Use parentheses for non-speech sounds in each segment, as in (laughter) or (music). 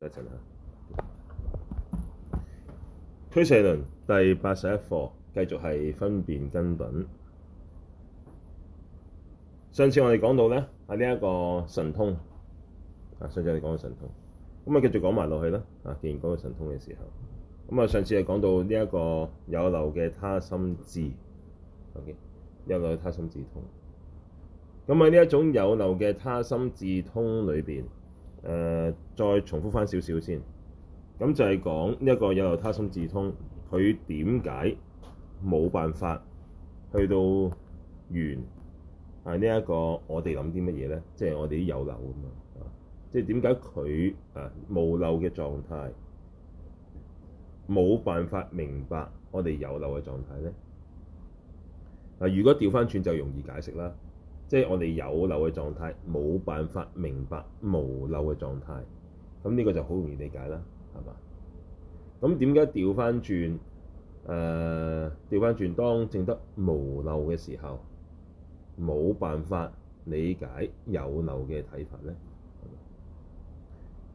等陣啦，俱舍論第八十一課，繼續係分辨根品。上次我哋講到咧，啊呢一個神通。啊，上次我哋講到神通，咁啊繼續講埋落去啦。啊，既然講到神通嘅時候，咁啊上次係講到呢一個有漏嘅他心智。O K，有漏嘅他心智通。咁喺呢一種有漏嘅他心智通裏邊。誒、呃，再重複翻少少先，咁就係講呢一個有他心智通，佢點解冇辦法去到完係呢一個我哋諗啲乜嘢咧？即、就、係、是、我哋啲有漏啊嘛，即係點解佢啊冇漏嘅狀態，冇辦法明白我哋有漏嘅狀態咧？嗱、啊，如果調翻轉就容易解釋啦。即係我哋有漏嘅狀態，冇辦法明白無漏嘅狀態，咁呢個就好容易理解啦，係嘛？咁點解調翻轉？誒、呃，調翻轉當正得無漏嘅時候，冇辦法理解有漏嘅睇法咧。係嘛？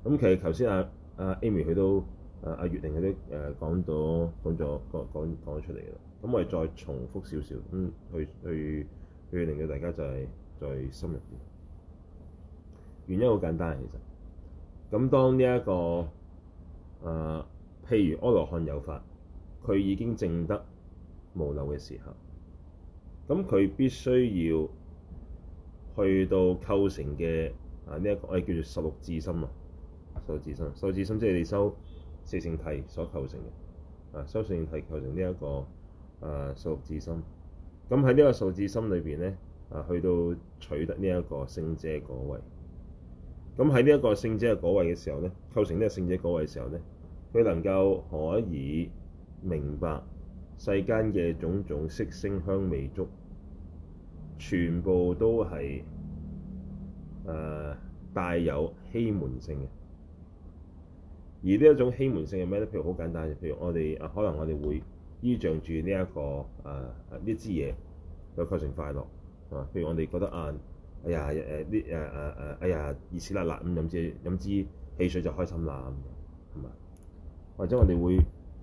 咁其實頭先阿阿 Amy 佢都，阿、啊、阿、啊、月玲佢都誒講咗講咗講講講咗出嚟嘅啦。咁我哋再重複少少咁去去。去最令到大家就係在心入邊，原因好簡單其實。咁當呢、這、一個誒、呃，譬如阿羅漢有法，佢已經證得無漏嘅時候，咁佢必須要去到構成嘅啊呢一、這個誒叫做十六智心啊。十六智心、這個啊，十六智心即係你修四聖諦所構成嘅啊，修四聖諦構成呢一個啊十六智心。咁喺呢個十六心裏邊咧，啊，去到取得呢一個聖者果位。咁喺呢一個聖者嘅果位嘅時候咧，構成呢一個聖者果位嘅時候咧，佢能夠可以明白世間嘅種種色聲香味觸，全部都係誒、呃、帶有欺瞞性嘅。而呢一種欺瞞性係咩咧？譬如好簡單，譬如我哋啊，可能我哋會。依仗住呢一個誒呢支嘢，就構成快樂，係、啊、譬如我哋覺得啊，哎呀誒啲誒誒誒，哎呀熱死辣辣咁，飲支飲支汽水就開心啦，係嘛、嗯？或者我哋會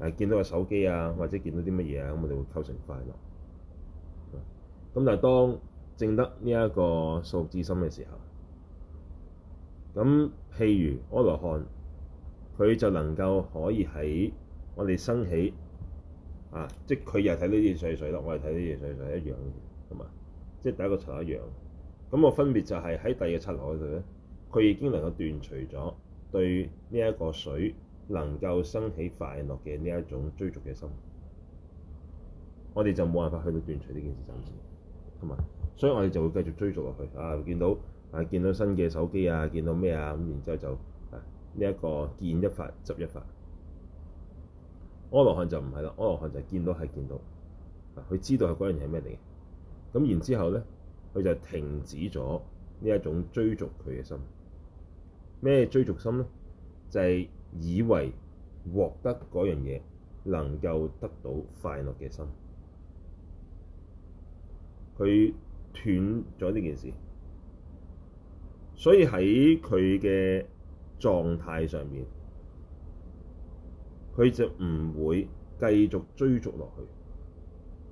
誒見、啊、到個手機啊，或者見到啲乜嘢啊，咁我哋會構成快樂。咁但係當淨得呢一個數字心嘅時候，咁譬如阿羅漢，佢就能夠可以喺我哋生起。啊！即係佢又睇呢啲水水我係睇呢啲水水一樣，一,一樣，嘅。即係第一個層一樣。咁我分別就係喺第二落海度咧，佢已經能夠斷除咗對呢一個水能夠生起快樂嘅呢一種追逐嘅心。我哋就冇辦法去到斷除呢件事情，就唔同埋，所以我哋就會繼續追逐落去。啊，見到啊，見到新嘅手機啊，見到咩啊，咁然之後就啊，呢、這、一個見一發執一發。阿羅漢就唔係啦，阿羅漢就見到係見到，佢知道係嗰樣嘢係咩嚟嘅，咁然之後呢，佢就停止咗呢一種追逐佢嘅心。咩追逐心呢？就係以為獲得嗰樣嘢能夠得到快樂嘅心。佢斷咗呢件事，所以喺佢嘅狀態上面。佢就唔會繼續追逐落去。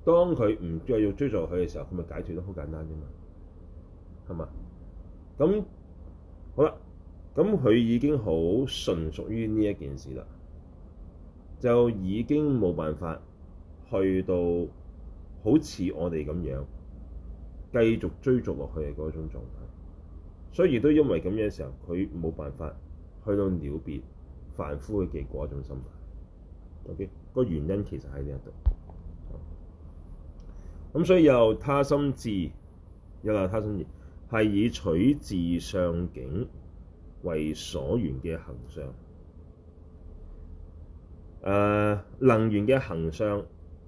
當佢唔再要追逐落去嘅時候，佢咪解脫得好簡單啫嘛，係嘛？咁好啦，咁佢已經好純屬於呢一件事啦，就已經冇辦法去到好似我哋咁樣繼續追逐落去嘅嗰種狀態。所以亦都因為咁樣嘅時候，佢冇辦法去到了別凡夫嘅結果一種心態。嗰啲個原因其實喺呢一度，咁所以由他心智，又話他心智係以取自相境為所緣嘅行相。誒、呃，能緣嘅行相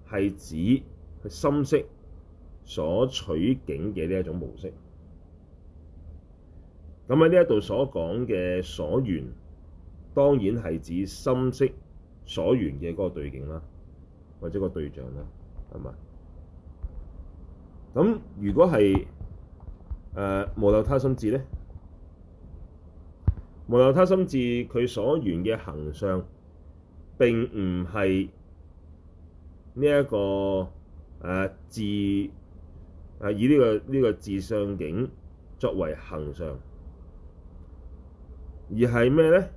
係指是心識，所取境嘅呢一種模式。咁喺呢一度所講嘅所緣，當然係指心識。所緣嘅嗰個對境啦，或者個對象啦，係咪？咁如果係誒無漏他心智咧，無漏他心智佢所緣嘅行相並唔係呢一個誒、呃、智誒以呢、呢個呢、呢個自相境作為行相，而係咩咧？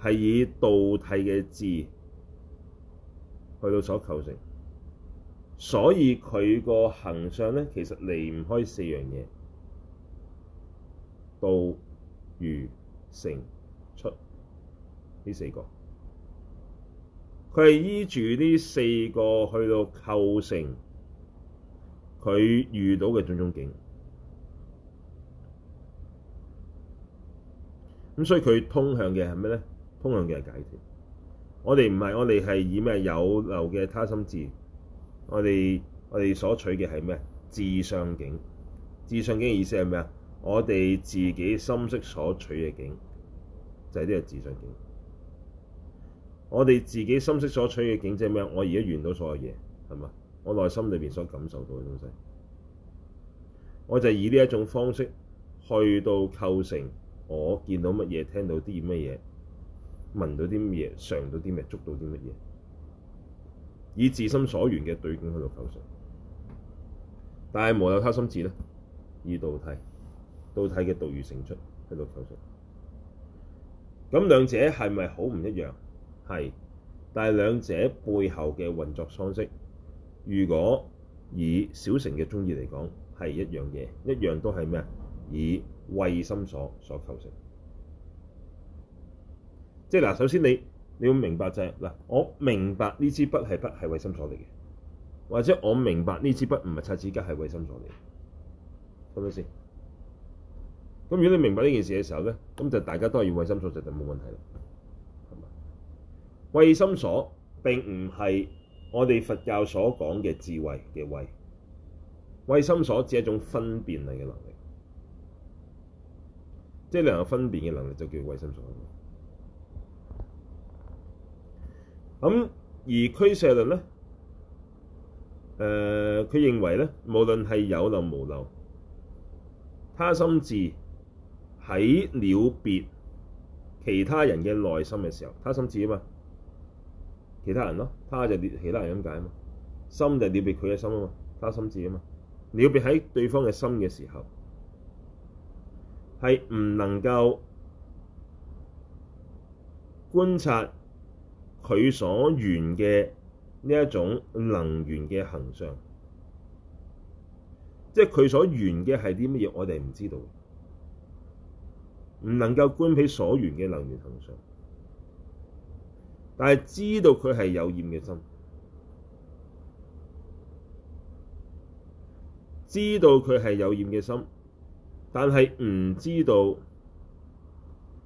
係以道諦嘅字去到所構成，所以佢個行相咧，其實離唔開四樣嘢：道、如、成、出呢四個。佢係依住呢四個去到構成佢遇到嘅種種境。咁所以佢通向嘅係咩咧？通向嘅係解脫。我哋唔係，我哋係以咩有漏嘅他心智。我哋我哋所取嘅係咩？自相境。自相境嘅意思係咩啊？我哋自己心識所取嘅境，就係、是、呢個自相境。我哋自己心識所取嘅境即係咩？我而家完到所有嘢係嘛？我內心裏邊所感受到嘅東西，我就是以呢一種方式去到構成我見到乜嘢、聽到啲乜嘢。聞到啲咩嘢，嘗到啲咩，捉到啲乜嘢，以自心所緣嘅對境喺度構成，但係無漏他心智咧，以道諦，道諦嘅度如成出喺度構成，咁兩者係咪好唔一樣？係，但係兩者背後嘅運作方式，如果以小乘嘅宗義嚟講，係一樣嘢，一樣都係咩？以慧心所所構成。即係嗱，首先你你要明白就係、是、嗱，我明白呢支筆係筆係慧心所嚟嘅，或者我明白呢支筆唔係擦紙巾係慧心所嚟，係咪先？咁如果你明白呢件事嘅時候咧，咁就大家都係用慧心所就冇問題啦，係嘛？慧心所並唔係我哋佛教所講嘅智慧嘅慧，慧心所只係一種分辨力嘅能力，即係能夠分辨嘅能力就叫慧心所。咁而俱舍論咧，誒、呃、佢認為咧，無論係有漏無漏，他心智喺了別其他人嘅內心嘅時候，他心智啊嘛，其他人咯，他就其他人咁解啊嘛，心就了別佢嘅心啊嘛，他心智啊嘛，了別喺對方嘅心嘅時候，係唔能夠觀察。佢所緣嘅呢一種能緣嘅行相，即係佢所緣嘅係啲乜嘢，我哋唔知道，唔能夠觀彼所緣嘅能緣行相。但係知道佢係有染嘅心，知道佢係有染嘅心，但係唔知道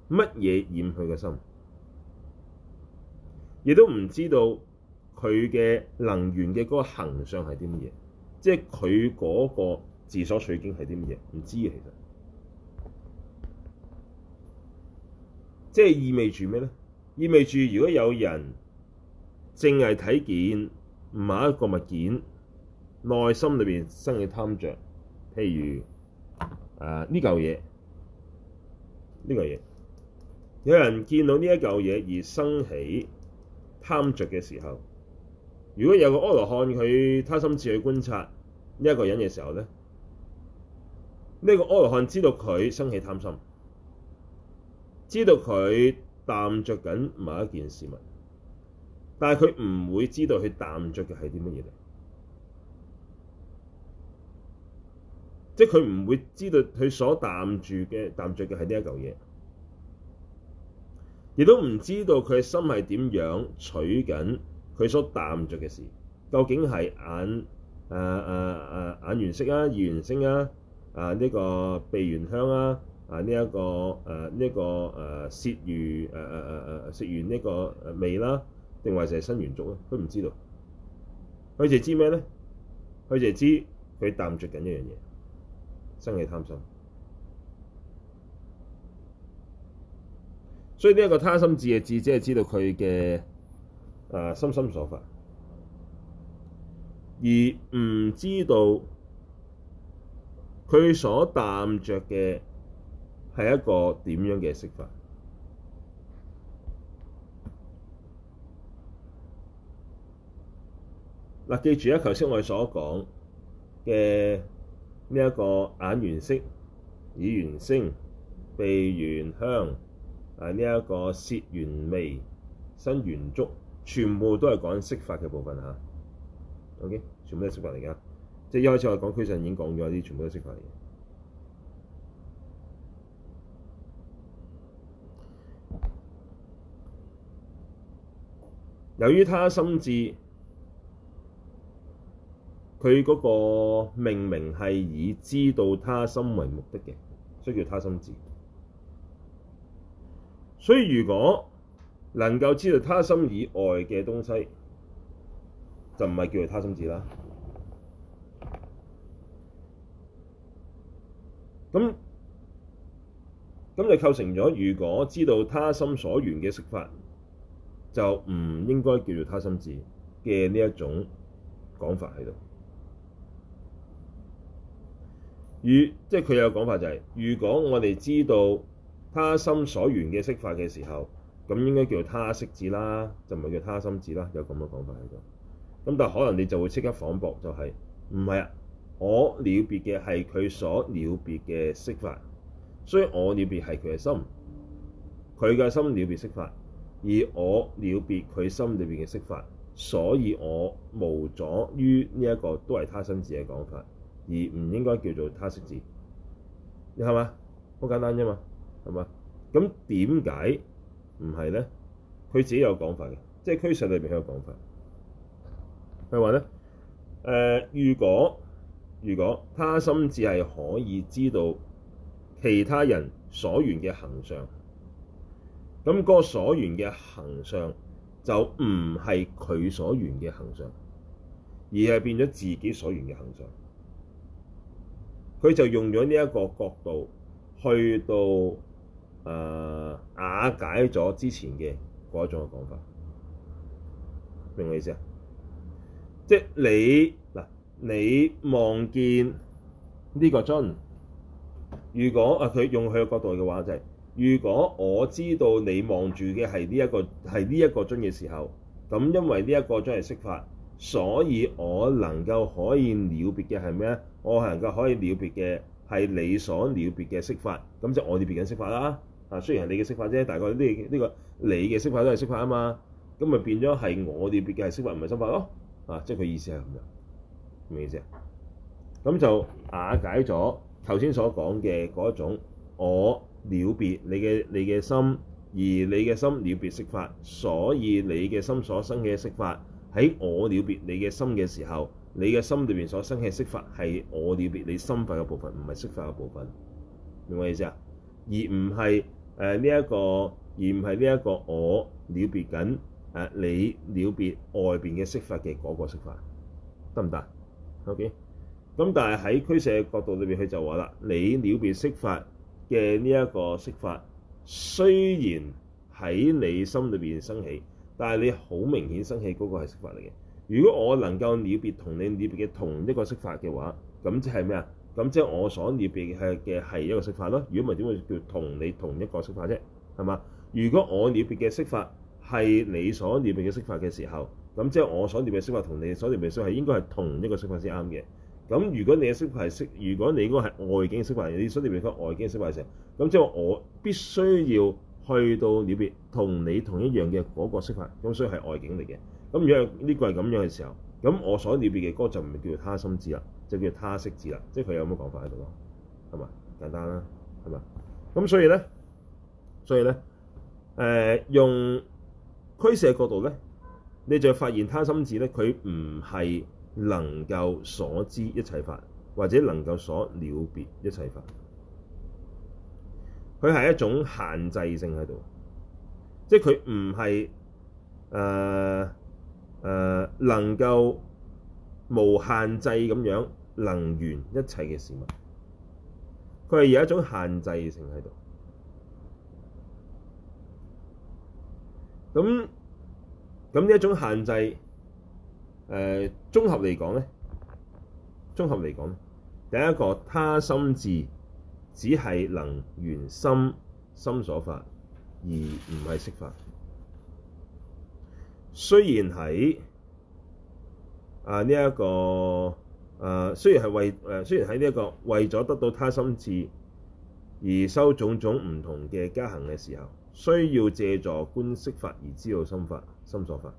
乜嘢染佢嘅心。亦都唔知道佢嘅能緣嘅嗰個行相係啲乜嘢，即係佢嗰個自所取境係啲乜嘢，唔知啊，其實，即係意味住咩咧？意味住如果有人淨係睇見某一個物件，內心裏面生起貪着，譬如啊呢舊嘢，呢舊嘢，有人見到呢一舊嘢而生起。貪着嘅時候，如果有個阿羅漢佢他心智去觀察呢一個人嘅時候咧，呢、這個阿羅漢知道佢生起貪心，知道佢貪着緊某一件事物，但係佢唔會知道佢貪着嘅係啲乜嘢嚟，即係佢唔會知道佢所貪住嘅貪着嘅係呢一嚿嘢。亦都唔知道佢心係點樣取緊佢所貪著嘅事，究竟係眼啊啊啊眼緣色啊，耳緣聲啊，啊、呃、呢、這個鼻緣香啊，啊呢一個誒呢一個誒舌緣誒誒誒誒舌緣呢個味啦、啊，定還是係身緣觸、啊？咧？佢唔知道，佢就知咩咧？佢就知佢貪著緊一樣嘢，真係貪心。所以呢一個他心智嘅智，只係知道佢嘅心心所法，而唔知道佢所貪着嘅係一個點樣嘅色法。嗱，啊，記住啊，頭先我哋所講嘅呢一個眼緣色、耳緣聲、鼻緣香。係呢一個涉原味」、「深原足，全部都係講色法嘅部分嚇。OK，全部都係色法嚟㗎。即係一開始我講嗰陣已經講咗啲，全部都係色法嚟。由於他心智，佢嗰個命名係以知道他心為目的嘅，所以叫他心智。所以如果能夠知道他心以外嘅東西，就唔係叫做他心智啦。咁咁就構成咗，如果知道他心所緣嘅色法，就唔應該叫做他心智嘅呢一種講法喺度。如即係佢有講法就係，如果我哋知道，他心所緣嘅色法嘅時候，咁應該叫他色智啦，就唔係叫他心智啦。有咁嘅講法喺度。咁但可能你就會即刻反駁，就係唔係啊？我了別嘅係佢所了別嘅色法，所以我了別係佢嘅心，佢嘅心了別色法，而我了別佢心裏邊嘅色法，所以我無阻於呢一個都係他心智嘅講法，而唔應該叫做他色智，係嘛？好簡單啫嘛～係嘛？咁點解唔係咧？佢自己有講法嘅，即係俱舍裏面有講法。佢話咧：誒，如果如果他心智係可以知道其他人所緣嘅行相，咁嗰個所緣嘅行相就唔係佢所緣嘅行相，而係變咗自己所緣嘅行相。佢就用咗呢一個角度去到。啊、呃！瓦解咗之前嘅嗰種嘅講法，明我意思啊？即係你嗱，你望見呢個樽，如果啊，佢用佢嘅角度嘅話，就是，就係如果我知道你望住嘅係呢一個係呢一個樽嘅時候，咁因為呢一個樽係色法，所以我能夠可以了別嘅係咩？我係能夠可以了別嘅係你所了別嘅色法，咁即我哋了別緊色法啦。啊，雖然係你嘅識法啫，大概呢呢個你嘅識法都係識法啊嘛，咁咪變咗係我了別嘅係識法，唔係心法咯。啊，即係佢意思係咁樣，明唔明意思啊？咁就瓦解咗頭先所講嘅嗰種我了別你嘅你嘅心，而你嘅心了別識法，所以你嘅心所生嘅識法，喺我了別你嘅心嘅時候，你嘅心裏邊所生嘅識法係我了別你心法嘅部分，唔係識法嘅部分，明唔明意思啊？而唔係。誒、呃、呢一個，而唔係呢一個我了別緊、呃、你了別外邊嘅識法嘅嗰個識法，得唔得？OK，咁但係喺俱舍嘅角度裏面，佢就話啦，你了別識法嘅呢一個識法，雖然喺你心裏面生起，但係你好明顯生起嗰個係識法嚟嘅。如果我能夠了別同你了別嘅同一個識法嘅話，咁即係咩啊？咁即係我所了別嘅係一個識法咯。如果唔係點會叫同你同一個識法啫？係嘛？如果我了別嘅識法係你所了別嘅識法嘅時候，咁即係我所了別嘅識法同你所了別嘅識法係應該係同一個識法先啱嘅。咁如果你嘅識法係識，如果你嗰個係外境嘅識法，你所了別嗰個外境嘅識法嘅時候，咁即係我必須要去到了別同你同一樣嘅嗰個識法，咁所以係外境嚟嘅。咁如果呢個係咁樣嘅時候，咁我所了別嘅嗰就唔係叫做他心智啦。就叫他色智啦，即係佢有咁嘅講法喺度咯，係嘛？簡單啦，係嘛？咁所以咧，所以咧，誒、呃、用俱舍的角度咧，你就發現他心智咧，佢唔係能夠所知一切法，或者能夠所了別一切法，佢係一種限制性喺度，即係佢唔係誒誒能夠無限制咁樣，能緣一切嘅事物，佢係有一種限制性喺度。咁咁呢一種限制，誒綜合嚟講咧，綜合嚟講，第一個他心智只係能緣心心所法，而唔係色法。雖然喺啊呢一個。誒、uh, 雖然係為誒雖然喺呢一個為咗得到他心智而修種種唔同嘅加行嘅時候，需要借助觀色法而知道心法、心所法，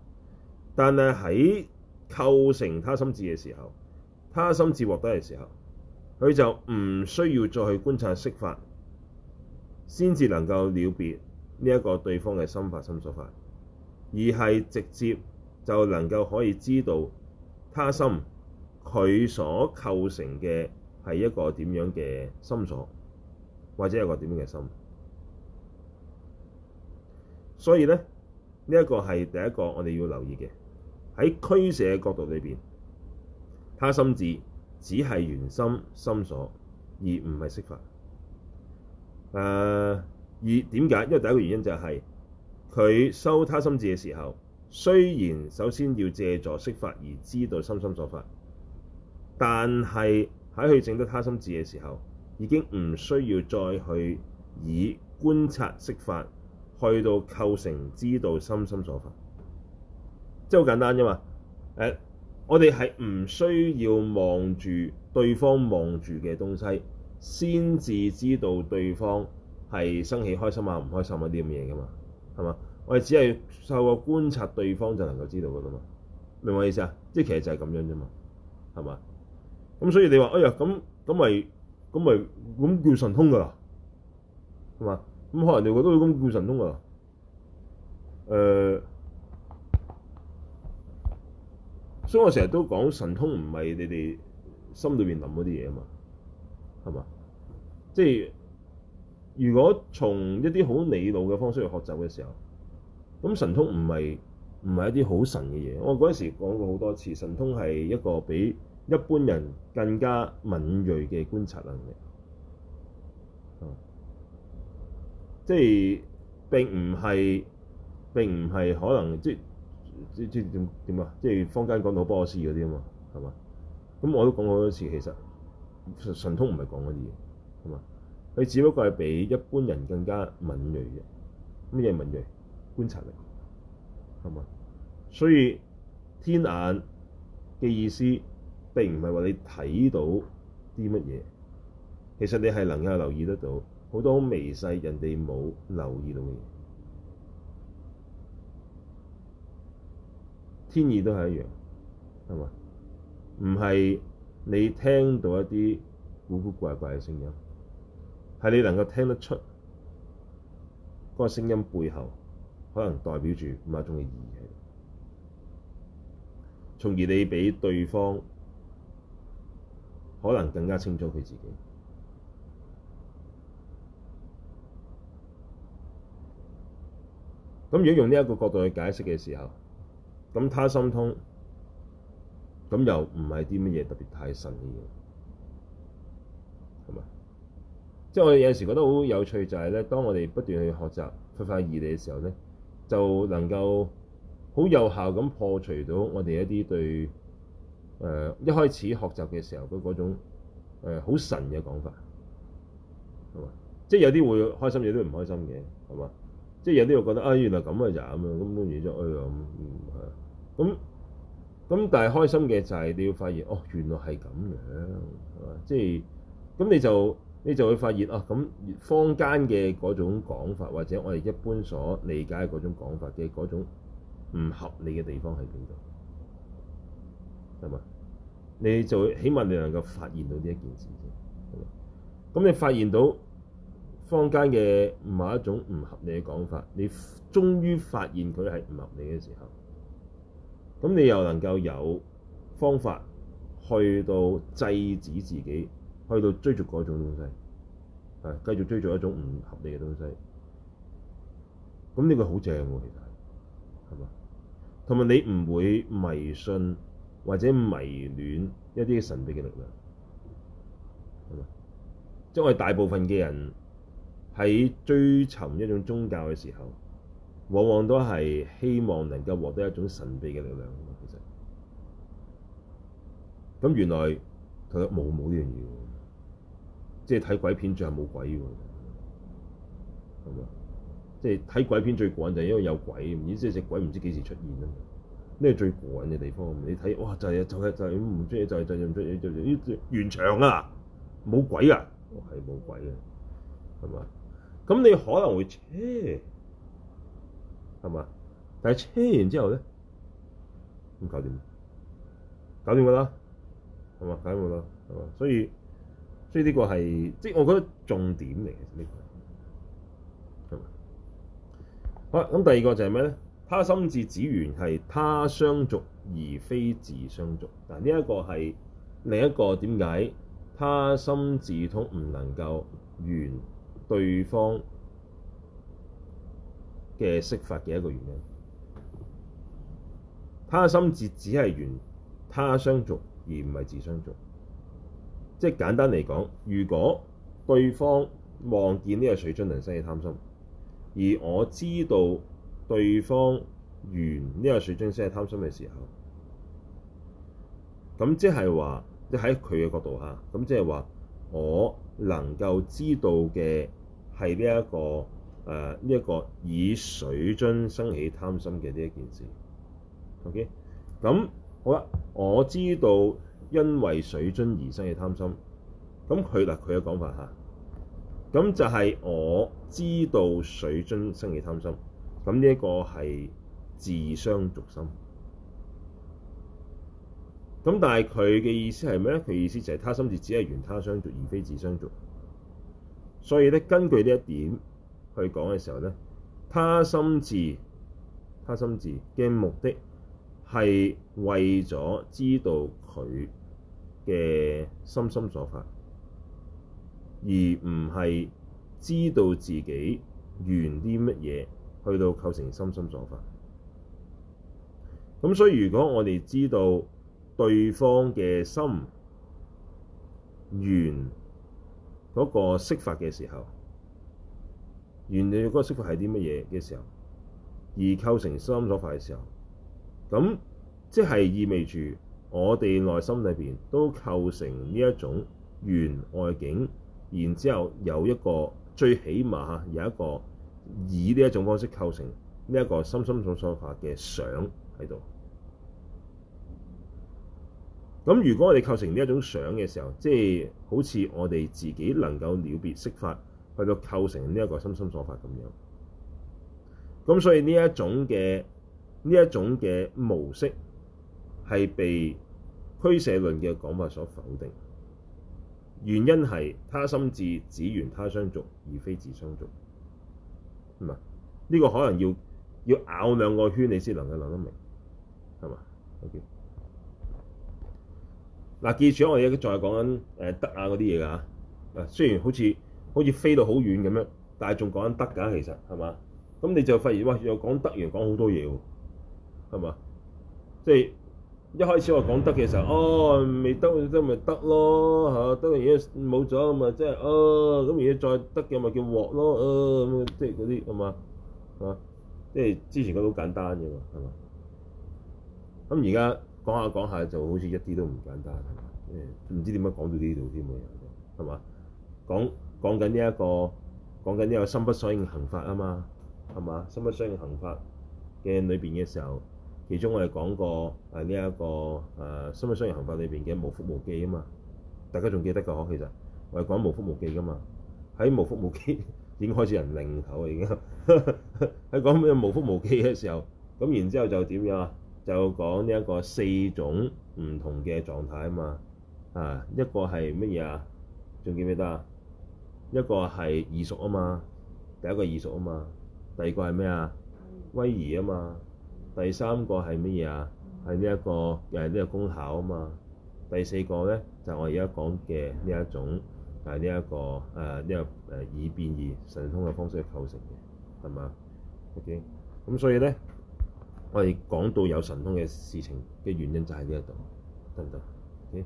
但係喺構成他心智嘅時候，他心智獲得嘅時候，佢就唔需要再去觀察色法，先至能夠了別呢一個對方嘅心法、心所法，而係直接就能夠可以知道他心。佢所構成嘅係一個點樣嘅心所，或者一個點樣嘅心，所以咧，呢一個係第一個我哋要留意嘅。喺俱舍的角度裏邊，他心智只係緣心心所而唔係色法。誒、啊，而點解？因為第一個原因就係佢修他心智嘅時候，雖然首先要借助色法而知道心心所法。但係喺佢整得他心智嘅時候，已經唔需要再去以觀察色法去到構成知道心心所法，即係好簡單啫嘛。誒，我哋係唔需要望住對方望住嘅東西，先至知道對方係生氣、開心啊、唔開心啊啲咁嘢㗎嘛，係嘛？我哋只係透過觀察對方就能夠知道㗎啦嘛，明唔明我意思啊？即係其實就係咁樣啫嘛，係嘛？咁所以你話，哎呀，咁咁咪咁咪咁叫神通噶，係嘛？咁可能你覺得都咁叫神通啊？誒、呃，所以我成日都講神通唔係你哋心裏面諗嗰啲嘢啊嘛，係嘛？即係如果從一啲好理路嘅方式去學習嘅時候，咁神通唔係唔係一啲好神嘅嘢。我嗰陣時講過好多次，神通係一個俾。一般人更加敏銳嘅觀察能力，即係、就是、並唔係並唔係可能，即係即即點啊？即係坊間講到波斯嗰啲啊嘛，係嘛？咁我都講過好多次，其實神神通唔係講嗰啲嘢，係嘛？佢只不過係比一般人更加敏銳嘅。乜嘢敏銳觀察力，係嘛？所以天眼嘅意思。並唔係話你睇到啲乜嘢，其實你係能夠留意得到好多很微細人哋冇留意到嘅嘢。天意都係一樣，係嘛？唔係你聽到一啲古古怪怪嘅聲音，係你能夠聽得出嗰個聲音背後可能代表住某一種嘅意義，從而你畀對方。可能更加清楚佢自己。咁如果用呢一個角度去解釋嘅時候，咁他心通，咁又唔係啲乜嘢特別太神嘅嘢，係咪？即係我哋有陣時覺得好有趣就是，就係當當我哋不斷去學習佛法義理嘅時候呢，就能夠好有效咁破除到我哋一啲對。誒、呃、一開始學習嘅時候，佢嗰種呃、好神嘅講法，係嘛？即係有啲會開心嘅，有啲唔開心嘅，係嘛？即係有啲會覺得啊，原來咁啊就咁樣，咁嘢咗，哎呀咁係咁。但係開心嘅就係你要發現，哦，原來係咁樣，係嘛？即係咁你就你就會發現啊，咁坊間嘅嗰種講法，或者我哋一般所理解嘅嗰種講法嘅嗰種唔合理嘅地方喺邊度？係嘛？你就起碼你能夠發現到呢一件事啫，係嘛？咁你發現到坊間嘅某一種唔合理嘅講法，你終於發現佢係唔合理嘅時候，咁你又能夠有方法去到制止自己，去到追逐嗰種東西，係繼續追逐一種唔合理嘅東西。咁呢個好正喎，其實係嘛？同埋你唔會迷信。或者迷戀一啲神秘嘅力量，係嘛？即係我哋大部分嘅人喺追尋一種宗教嘅時候，往往都係希望能夠獲得一種神秘嘅力量。其實，咁原來佢冇冇呢樣嘢嘅，即係睇鬼片最後冇鬼嘅，係咪？即係睇鬼片最過癮就係因為有鬼，而即係隻鬼唔知幾時出現啊！呢個最過癮嘅地方，你睇哇，就係就係就係唔中意，就係就係唔中意，就是就是就是就是就是、完場啊，冇鬼啊，係冇鬼嘅，係嘛？咁你可能會車，係嘛？但係車完之後咧，咁搞掂，搞掂咪咯，係嘛？搞掂咪咯，係嘛？所以，所以呢個係即係我覺得這重點嚟嘅呢個，係嘛？好啦，咁第二個就係咩咧？他心智只，緣係他相續，而非自相續。嗱，呢一個係另一個點解他心智通唔能夠緣對方嘅色法嘅一個原因。他心智只係緣他相續，而唔係自相續。即係簡單嚟講，如果對方望見呢個水樽，能生起貪心，而我知道。對方緣呢個水樽先係貪心嘅時候，咁即係話，即喺佢嘅角度下，咁即係話，我能夠知道嘅係呢一個誒呢一個以水樽生起貪心嘅呢一件事。OK，咁好啦，我知道因為水樽而生起貪心，咁佢，嗱佢嘅講法下，咁就係我知道水樽生起貪心。咁呢一個係自相續心，咁但係佢嘅意思係咩咧？佢意思就係他心智只係緣他相續，而非自相續。所以咧，根據呢一點去講嘅時候咧，他心智，他心智嘅目的係為咗知道佢嘅心心所法，而唔係知道自己緣啲乜嘢。去到構成心心所法，咁所以如果我哋知道對方嘅心緣嗰個色法嘅時候，原來嗰個色法係啲乜嘢嘅時候，而構成心所法嘅時候，咁即係意味住我哋內心裏面都構成呢一種緣外境，然之後有一個最起碼有一個。以呢一種方式構成呢一個心心所法嘅相喺度。咁如果我哋構成呢一種相嘅時候，即係好似我哋自己能夠了別識法，去到構成呢一個心心所法咁樣。咁所以呢一種嘅呢一種嘅模式係被俱舍論嘅講法所否定。原因係他心智只緣他相續，而非自相續。嗱，呢、這個可能要要咬兩個圈你先能夠諗得明，係嘛？嗱、啊，記住一樣嘢，再講係講緊誒德亞嗰啲嘢㗎。雖然好似好似飛到好遠咁樣，但係仲講緊德㗎，其實係嘛？咁你就發現，喂，又講德，又講好多嘢喎，係嘛？即係。一開始我講得嘅時候，哦，未得都咪得咯，嚇，得嘅而家冇咗嘛。即係，哦、就是，咁、而家再得嘅咪叫獲咯，哦、啊、咁，即係嗰啲係嘛，係、就、嘛、是，即係之前嗰好簡單嘅嘛，係嘛，咁而家講下講下就好似一啲都唔簡單，係嘛，誒，唔知點樣講到呢度添啊，係嘛，講講緊呢一個講緊呢個心不相應行法啊嘛，係嘛，心不相應行法嘅裏邊嘅時候。其中我哋講過誒呢一個誒《商業商業行法》裏邊嘅「無覆無記」啊嘛，大家仲記得嘅嗬？其實我哋講「無覆無記」嘅嘛，喺「無覆無記」已經開始人零頭啦，已經喺講咩「無覆無記」嘅時候，咁然之後就點樣啊？就講呢一個四種唔同嘅狀態啊嘛，啊一個係乜嘢啊？仲記唔記得啊？一個係異熟啊嘛，第一個異熟啊嘛，第二個係咩啊？威儀啊嘛。第三個係乜嘢啊？係呢一個誒呢個功效啊嘛。第四個咧就係、是、我而家講嘅呢一種，係呢一個誒呢、呃這個誒以變異神通嘅方式去構成嘅，係嘛？OK。咁所以咧，我哋講到有神通嘅事情嘅原因就喺、這個 okay? 呢一度，得唔得？OK。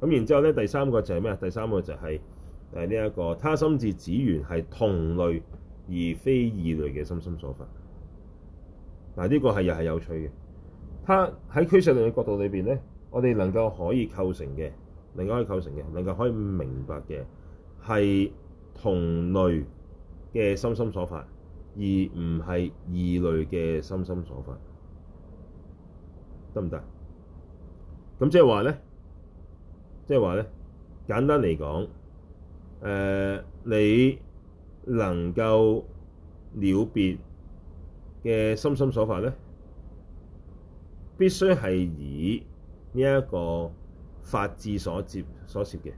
咁然之後咧，第三個就係咩啊？第三個就係誒呢一個他心智只緣係同類而非異類嘅心心所法。嗱、啊，呢、這個係又係有趣嘅。佢喺俱舍論嘅角度裏邊咧，我哋能夠可以構成嘅，能夠可以構成嘅，能夠可以明白嘅，係同類嘅心心所法，而唔係異類嘅心心所法，得唔得？咁即係話咧，即係話咧，簡單嚟講，誒、呃，你能夠了別嘅心心所法咧，必須係以呢一個法智所攝所攝嘅，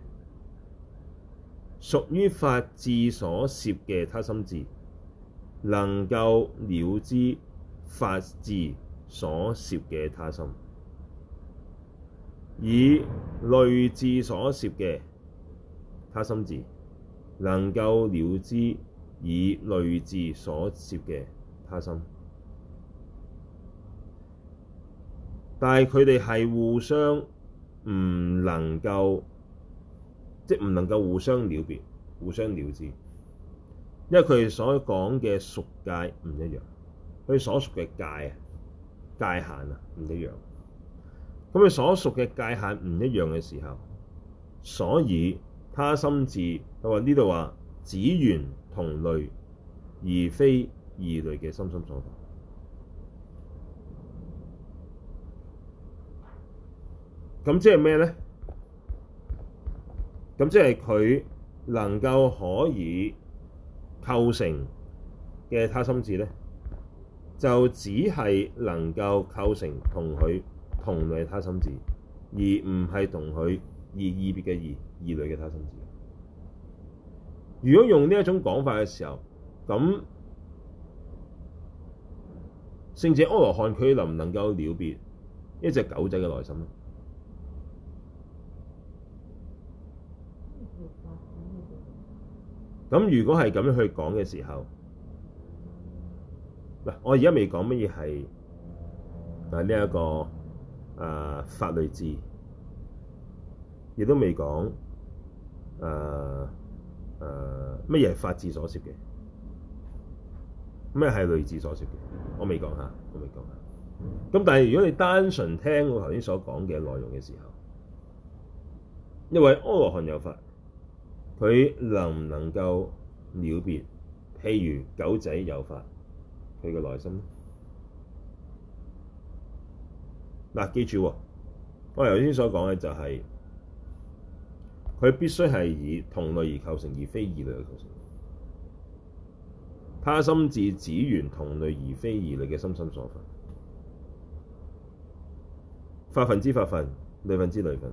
屬於法智所攝嘅他心智，能夠了知法智所攝嘅他心；以類智所攝嘅他心智，能夠了知以類智所攝嘅他心。但係佢哋係互相唔能夠，即係唔能夠互相了別、互相了知，因為佢哋所講嘅屬界唔一樣，佢所屬嘅界啊、界限啊唔一樣。咁佢所屬嘅界限唔一樣嘅時候，所以他心智佢話呢度話只緣同類，而非異類嘅心心所咁即係咩咧？咁即係佢能夠可以構成嘅他心智咧，就只係能夠構成同佢同類嘅他心智，而唔係同佢而異別嘅異異類嘅他心智。如果用呢一種講法嘅時候，咁聖者阿羅漢佢能唔能夠了別一隻狗仔嘅內心咧？咁如果係咁樣去講嘅時候，嗱、這個，我而家未講乜嘢係呢一個法類智，亦都未講乜嘢係法智所涉嘅，咩係類智所涉嘅，我未講下。我未講下。咁但係如果你單純聽我頭先所講嘅內容嘅時候，因為阿羅漢有法。佢能唔能夠了別？譬如狗仔有法，佢嘅內心呢。嗱、啊，記住，我頭先所講嘅就係、是，佢必須係以同類而構成，而非異類嘅構成。他心智只緣同類，而非異類嘅心心所法。法分之法分，類分之類分。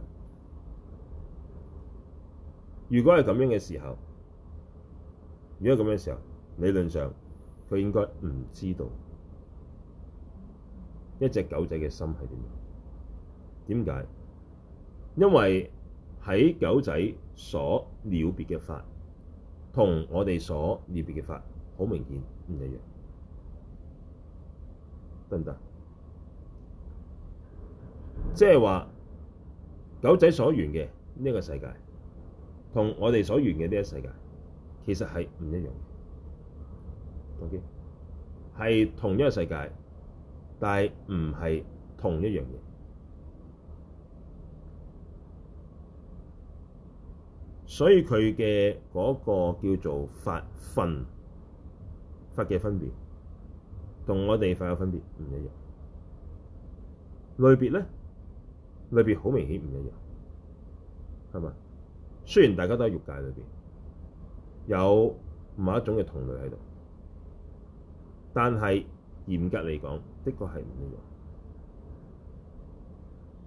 如果係咁樣嘅時候，如果咁樣嘅時候，理論上佢應該唔知道一隻狗仔嘅心係點樣？點解？因為喺狗仔所了別嘅法，同我哋所了別嘅法，好明顯唔一樣，得唔得？即係話狗仔所緣嘅呢個世界。同我哋所緣嘅呢個世界，其實係唔一樣嘅。OK，係同一個世界，但係唔係同一樣嘢。所以佢嘅嗰個叫做法分法嘅分別，同我哋法有分別唔一樣。類別咧，類別好明顯唔一樣，係咪？雖然大家都喺肉界裏面，有某一種嘅同類喺度，但係嚴格嚟講，的確係唔一樣。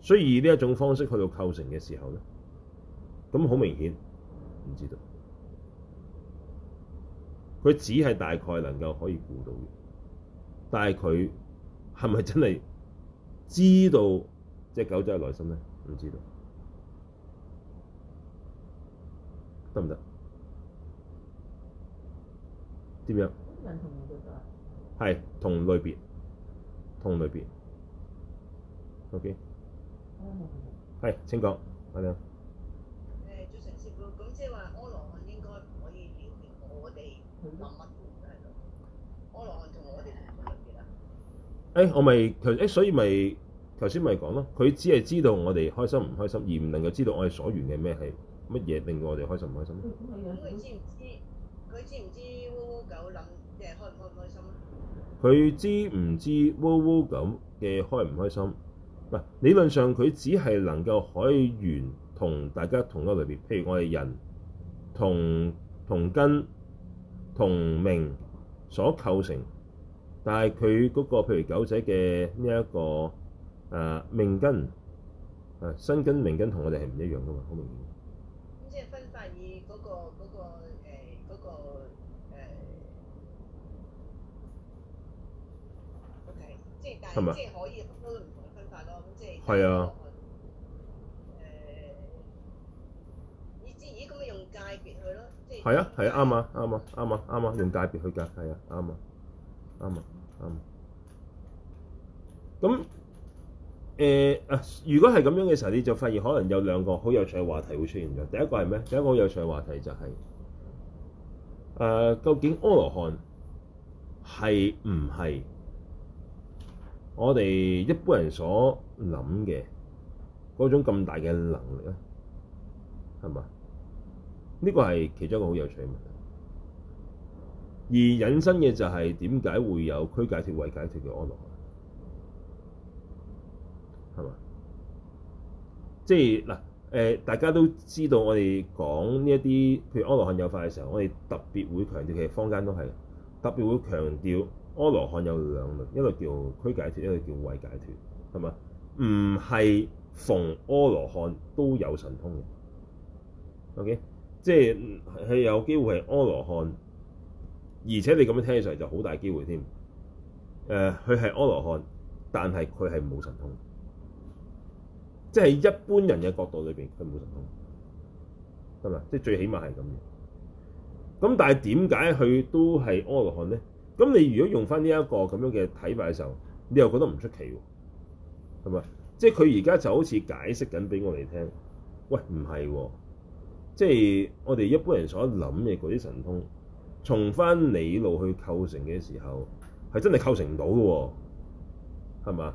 所以呢一種方式去到構成嘅時候咧，咁好明顯，唔知道。佢只係大概能夠可以估到嘅，但係佢係咪真係知道隻狗仔嘅內心咧？唔知道。得唔得？點樣？係唔同類別，同類別。OK。係，請講。點樣？誒，最直接咯。咁即係話，阿羅漢應該唔可以瞭解我哋諗乜嘅。阿羅漢同我哋係唔同類別呀、哎？我咪頭誒，所以咪頭先咪講咯。佢只係知道我哋開心唔開心，而唔能夠知道我哋所緣嘅咩係。嗯乜嘢令我哋開心唔開心佢，嗯嗯嗯，知唔知，佢知唔知窩窩狗諗，即開唔開心，佢知唔知窩窩狗嘅開唔開心？理論上佢只係能夠可以緣同大家同一類別，譬如我哋人同同根同命所構成，但係佢嗰個譬如狗仔嘅呢一個，啊，命根，啊，身根命根同我哋係唔一樣噶嘛，好明顯。個嗰個誒嗰個誒，O K，即係但係即係可以咁多唔同嘅分法咯。咁即係係啊，誒，以之而咁，你用界別去咯，即係係啊，係啊，啱啊，啱啊，啱啊，啱啊，用界別去㗎，係啊，啱啊，啱啊，啱啊。咁誒、呃、啊！如果係咁樣嘅時候，你就發現可能有兩個好有趣嘅話題會出現咗。第一個係咩？第一個好有趣嘅話題就係、是、誒、呃，究竟阿羅漢係唔係我哋一般人所諗嘅嗰種咁大嘅能力啊？係嘛？呢、這個係其中一個好有趣嘅問題。而引申嘅就係點解會有俱解脫、慧解脫嘅阿羅漢？係嘛？即係嗱，誒、呃，大家都知道我，我哋講呢一啲譬如阿羅漢有法嘅時候，我哋特別會強調，其實坊間都係特別會強調阿羅漢有兩類，一個叫俱解脫，一個叫慧解脫，係嘛？唔係逢阿羅漢都有神通嘅。OK，即係佢有機會係阿羅漢，而且你咁樣聽起上嚟就好大機會添。誒、呃，佢係阿羅漢，但係佢係冇神通。即係一般人嘅角度裏邊，佢冇神通，係咪？即係最起碼係咁嘅。咁但係點解佢都係阿羅漢咧？咁你如果用翻呢一個咁樣嘅睇法嘅時候，你又覺得唔出奇，係咪？即係佢而家就好似解釋緊俾我哋聽，喂，唔係，即係我哋一般人所諗嘅嗰啲神通，從翻你路去構成嘅時候，係真係構成唔到嘅，係嘛？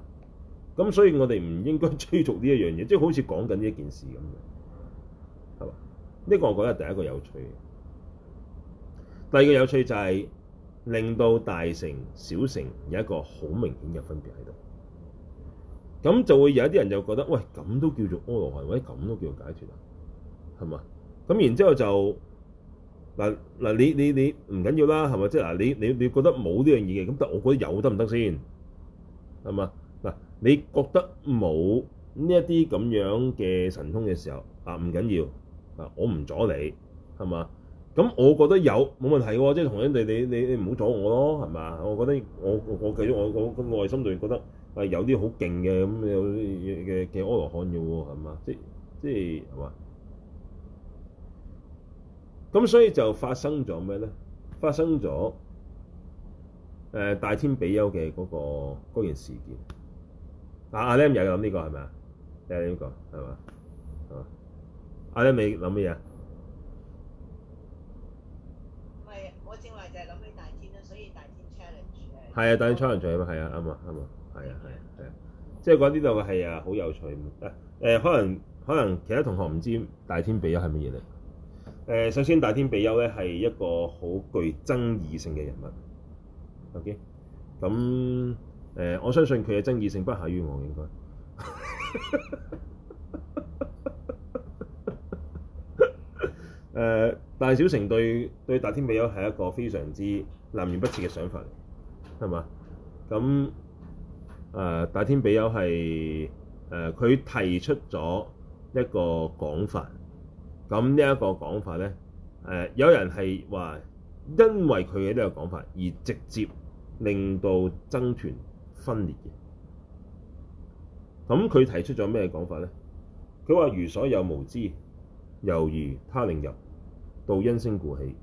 咁所以我哋唔應該追逐呢一樣嘢，即係好似講緊呢一件事咁嘅，係嘛？呢個我覺得係第一個有趣嘅。第二個有趣就係、是、令到大城小城有一個好明顯嘅分別喺度。咁就會有一啲人就覺得，喂，咁都叫做阿羅漢，或者咁都叫做解決啊，係嘛？咁然之後就嗱嗱，你你你唔緊要啦，係咪？即係嗱，你、就是、你你覺得冇呢樣嘢嘅，咁得我覺得有得唔得先，係嘛？你覺得冇呢一啲咁樣嘅神通嘅時候，啊唔緊要啊，我唔阻你係嘛？咁我覺得有冇問題喎、啊，即、就、係、係、同樣你哋你你你唔好阻我咯，係嘛？我覺得我我我繼續我我咁內心度覺得啊有啲好勁嘅咁有嘅嘅阿羅漢嘅喎係嘛？即即係係嘛？咁所以就發生咗咩咧？發生咗誒、呃、大天比丘嘅嗰、嗰個件、嗰個、事件。啊！阿 Lam 又諗呢個係咪啊？又諗呢個係嘛？啊！阿 Lam 你諗乜嘢？唔係，我正話就係諗起大天啦，所以大天 challenge 係啊！大天 challenge 啊嘛，係啊，啱啊，啱啊，係啊，係啊，係啊！即係講呢度個係啊，好、就是、有趣啊！誒，可能可能其他同學唔知大天比丘係乜嘢嚟？誒，首先大天比丘咧係一個好具爭議性嘅人物。OK，咁。誒、呃，我相信佢嘅爭議性不下於我應該。 (laughs) 誒、 (laughs) 呃，大小乘對對大天比丘係一個非常之南轅北轍嘅想法嚟，係嘛？咁誒、呃，大天比丘係誒，佢、呃、提出咗一個講法。咁呢一個講法咧，誒、呃，有人係話因為佢嘅呢個講法而直接令到爭團，分裂嘅，咁佢提出咗咩講法咧？佢話，如所有無知，猶如他領入道因聲故起，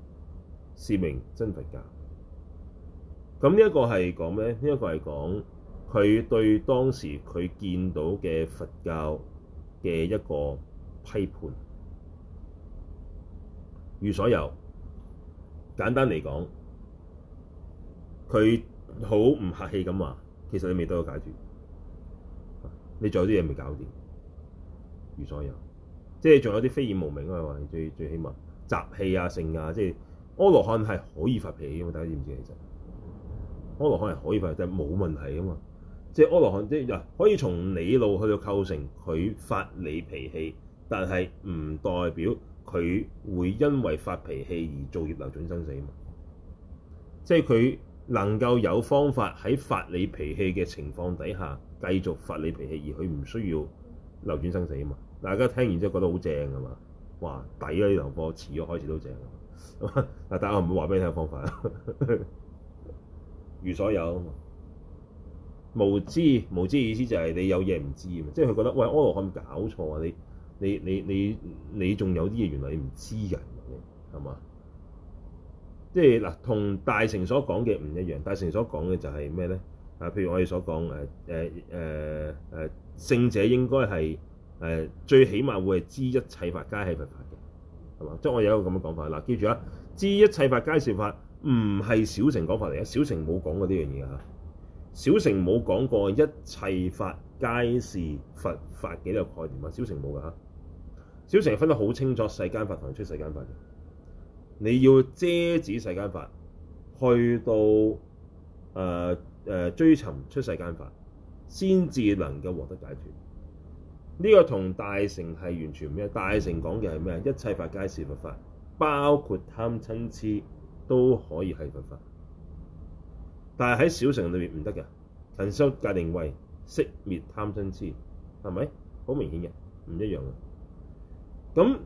是名真佛教。咁呢一個係講咩？呢一個係講佢對當時佢見到嘅佛教嘅一個批判。如所有，簡單嚟講，佢好唔客氣咁話。其實你未得到解決，你仲有啲嘢未搞掂，如所有，即係仲有啲非議無明啊！話你最最起碼，習氣啊、性啊，即係阿羅漢係可以發脾氣嘅嘛？大家知唔知其實阿羅漢係可以發脾氣，但係冇問題啊嘛！即係阿羅漢即係可以從你路去到構成佢發你脾氣，但係唔代表佢會因為發脾氣而造業流轉生死啊嘛！即係佢。能夠有方法喺發你脾氣嘅情況底下繼續發你脾氣，而佢唔需要流轉生死啊嘛！大家聽完之後覺得好正啊嘛！哇，抵啊！呢堂課遲咗開始都正啊嘛！嗱，大家唔會話俾你聽方法啊。如所有啊嘛，無知無知意思就係你有嘢唔知啊嘛，即係佢覺得喂，阿羅漢搞錯啊！你你你你你仲有啲嘢原來你唔知嘅，係嘛？即係嗱，同大成所講嘅唔一樣。大成所講嘅就係咩咧？啊，譬如我哋所講誒誒誒誒，聖者應該係誒、啊、最起碼會係知一切法皆係佛法嘅，係嘛？即係我有一個咁嘅講法。嗱，記住啦，知一切法皆是法，唔係小成講法嚟嘅。小成冇講過呢樣嘢啊！小成冇講過一切法皆是佛法嘅呢個概念啊！小成冇噶嚇，小成分得好清楚世間法同出世間法嘅。你要遮止世間法，去到誒誒、呃呃、追尋出世間法，先至能夠獲得解脫。呢、這個同大乘係完全唔一樣。大乘講嘅係咩？一切法皆是佛法，包括貪嗔痴都可以係佛法。但係喺小乘裏面唔得嘅，勤修戒定慧，息滅貪嗔痴，係咪？好明顯嘅，唔一樣嘅。咁。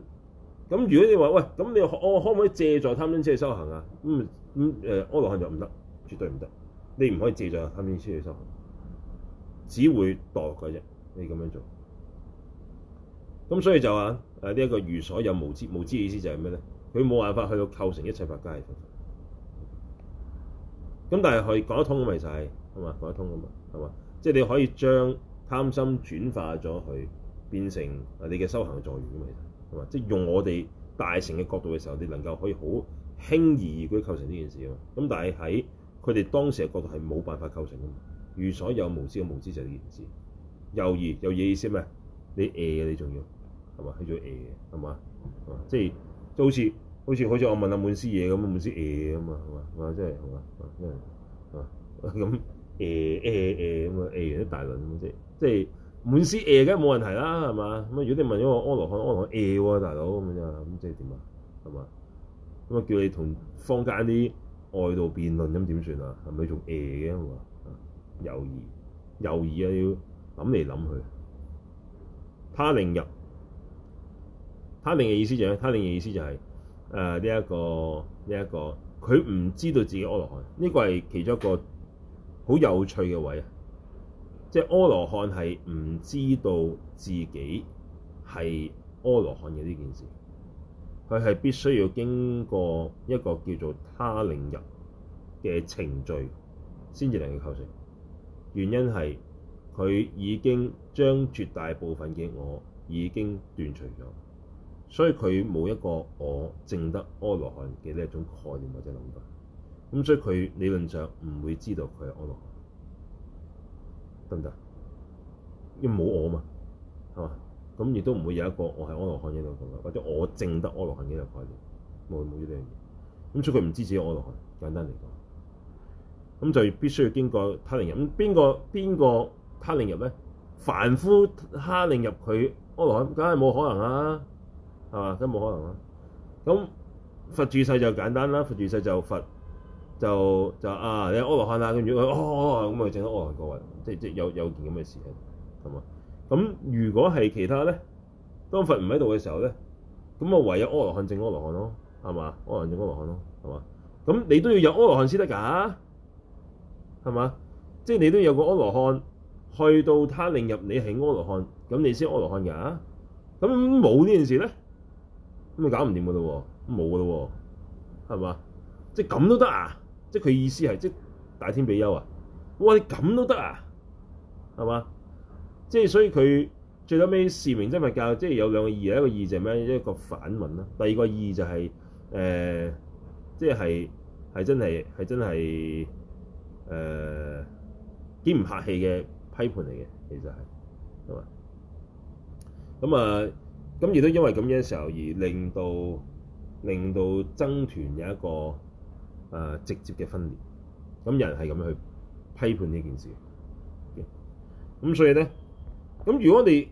咁如果你話喂，咁你我可唔可以借助貪嗔痴去修行啊？咁咁誒，阿、嗯、羅漢就唔得，絕對唔得。你唔可以借助貪嗔痴去修行，只會墮嘅啫。你咁樣做，咁所以就話呢一個如所有無知無知意思就係咩咧？佢冇辦法去到構成一切法界。咁但係佢講講得通嘅咪就係、是，係嘛講得通嘅、就、嘛、是，係嘛？即、就、係、是、你可以將貪心轉化咗去，變成你嘅修行嘅助緣咁即係用我哋大乘嘅角度嘅時候，你能夠可以好輕易咁構成呢件事啊！咁但係喺佢哋當時嘅角度係冇辦法構成噶嘛。如所有無知嘅無知就係呢件事，猶豫有嘢意思咩？你誒、呃、你仲要係嘛？起咗誒係嘛？即係、呃就是、就好似好似好似我問阿滿師嘢咁，滿師誒咁啊嘛嘛，即係係嘛，即係啊咁誒誒誒咁啊誒完一大輪咁即即係。是。滿師誒嘅冇問題啦，係嘛？咁如果你問咗我阿羅漢，阿羅漢誒喎，大佬咁啊，咁即係點啊？係嘛？咁啊叫你同坊間啲外道辯論，咁點算啊？係咪仲誒嘅嘛？猶疑猶疑啊，要諗嚟諗去。他令入，他令嘅意思就係、是，他令嘅意思就係、是，誒呢一個呢一個，佢、這、唔、個、知道自己阿羅漢，呢、這個係其中一個好有趣嘅位啊。即係阿羅漢係唔知道自己係阿羅漢嘅呢件事，佢係必須要經過一個叫做他領入嘅程序先至能夠構成。原因係佢已經將絕大部分嘅我已經斷除咗，所以佢冇一個我證得阿羅漢嘅呢一種概念或者諗法，咁所以佢理論上唔會知道佢係阿羅漢。得唔得？因冇我啊嘛，係嘛？咁亦都唔會有一個我係阿羅漢嘅一個，或者我淨得阿羅漢嘅一個概念，冇冇呢樣嘢。咁所以佢唔支持阿羅漢，簡單嚟講，咁就必須要經過他令入。咁邊個邊個他令入咧？凡夫他令入佢阿羅漢，梗係冇可能啊，係嘛？梗冇可能啊！咁佛住世就簡單啦，佛住世就佛。就就啊，你係阿羅漢啊，咁如果哦咁啊，整到阿羅漢個位，即係、即係、有有件咁嘅事情，係嘛？咁如果係其他咧，當佛唔喺度嘅時候咧，咁啊唯有阿羅漢整阿羅漢咯，係嘛？阿羅漢整阿羅漢咯，係嘛？咁你都要有阿羅漢先得㗎，係嘛？即係你都有個阿羅漢，去到他領入你係阿羅漢，咁你先阿羅漢㗎，咁冇呢件事咧，咁咪搞唔掂㗎咯喎，冇㗎咯喎，係嘛？即咁都得啊？即係佢意思係，即係大天比丘啊！哇，你咁都得啊，係嘛？即係所以佢最尾市明真係教，即係有兩個意義，一個意義就係咩？一個反問啦，第二個意義就係、是、誒、呃，即係係真係係真係誒幾唔客氣嘅批判嚟嘅，其實係係嘛？咁啊，咁亦都因為咁樣嘅時候，而令到令到僧團有一個。誒直接嘅分裂，咁人係咁樣去批判呢件事嘅，咁所以咧，咁如果我哋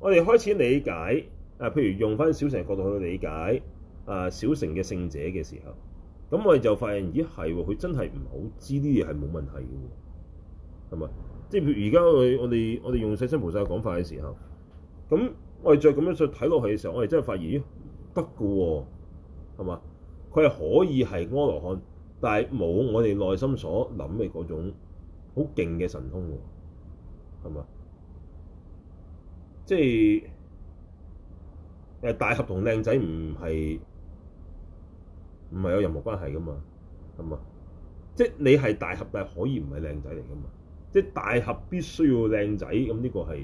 我哋開始理解，誒譬如用翻小乘角度去理解，誒小乘嘅聖者嘅時候，咁我哋就發現，咦係喎，佢真係唔係好知呢啲嘢係冇問題嘅喎，係咪？即係譬如而家我哋我哋用世親菩薩嘅講法嘅時候，咁我哋再咁樣去睇落去嘅時候，我哋真係發現，咦得嘅喎，係咪？佢係可以係阿羅漢。但係冇我哋內心所諗嘅嗰種好勁嘅神通喎，係嘛？即係誒大俠同靚仔唔係唔係有任何關係噶嘛？係嘛？即係你係大俠，但係可以唔係靚仔嚟噶嘛？即係大俠必須要靚仔，咁呢個係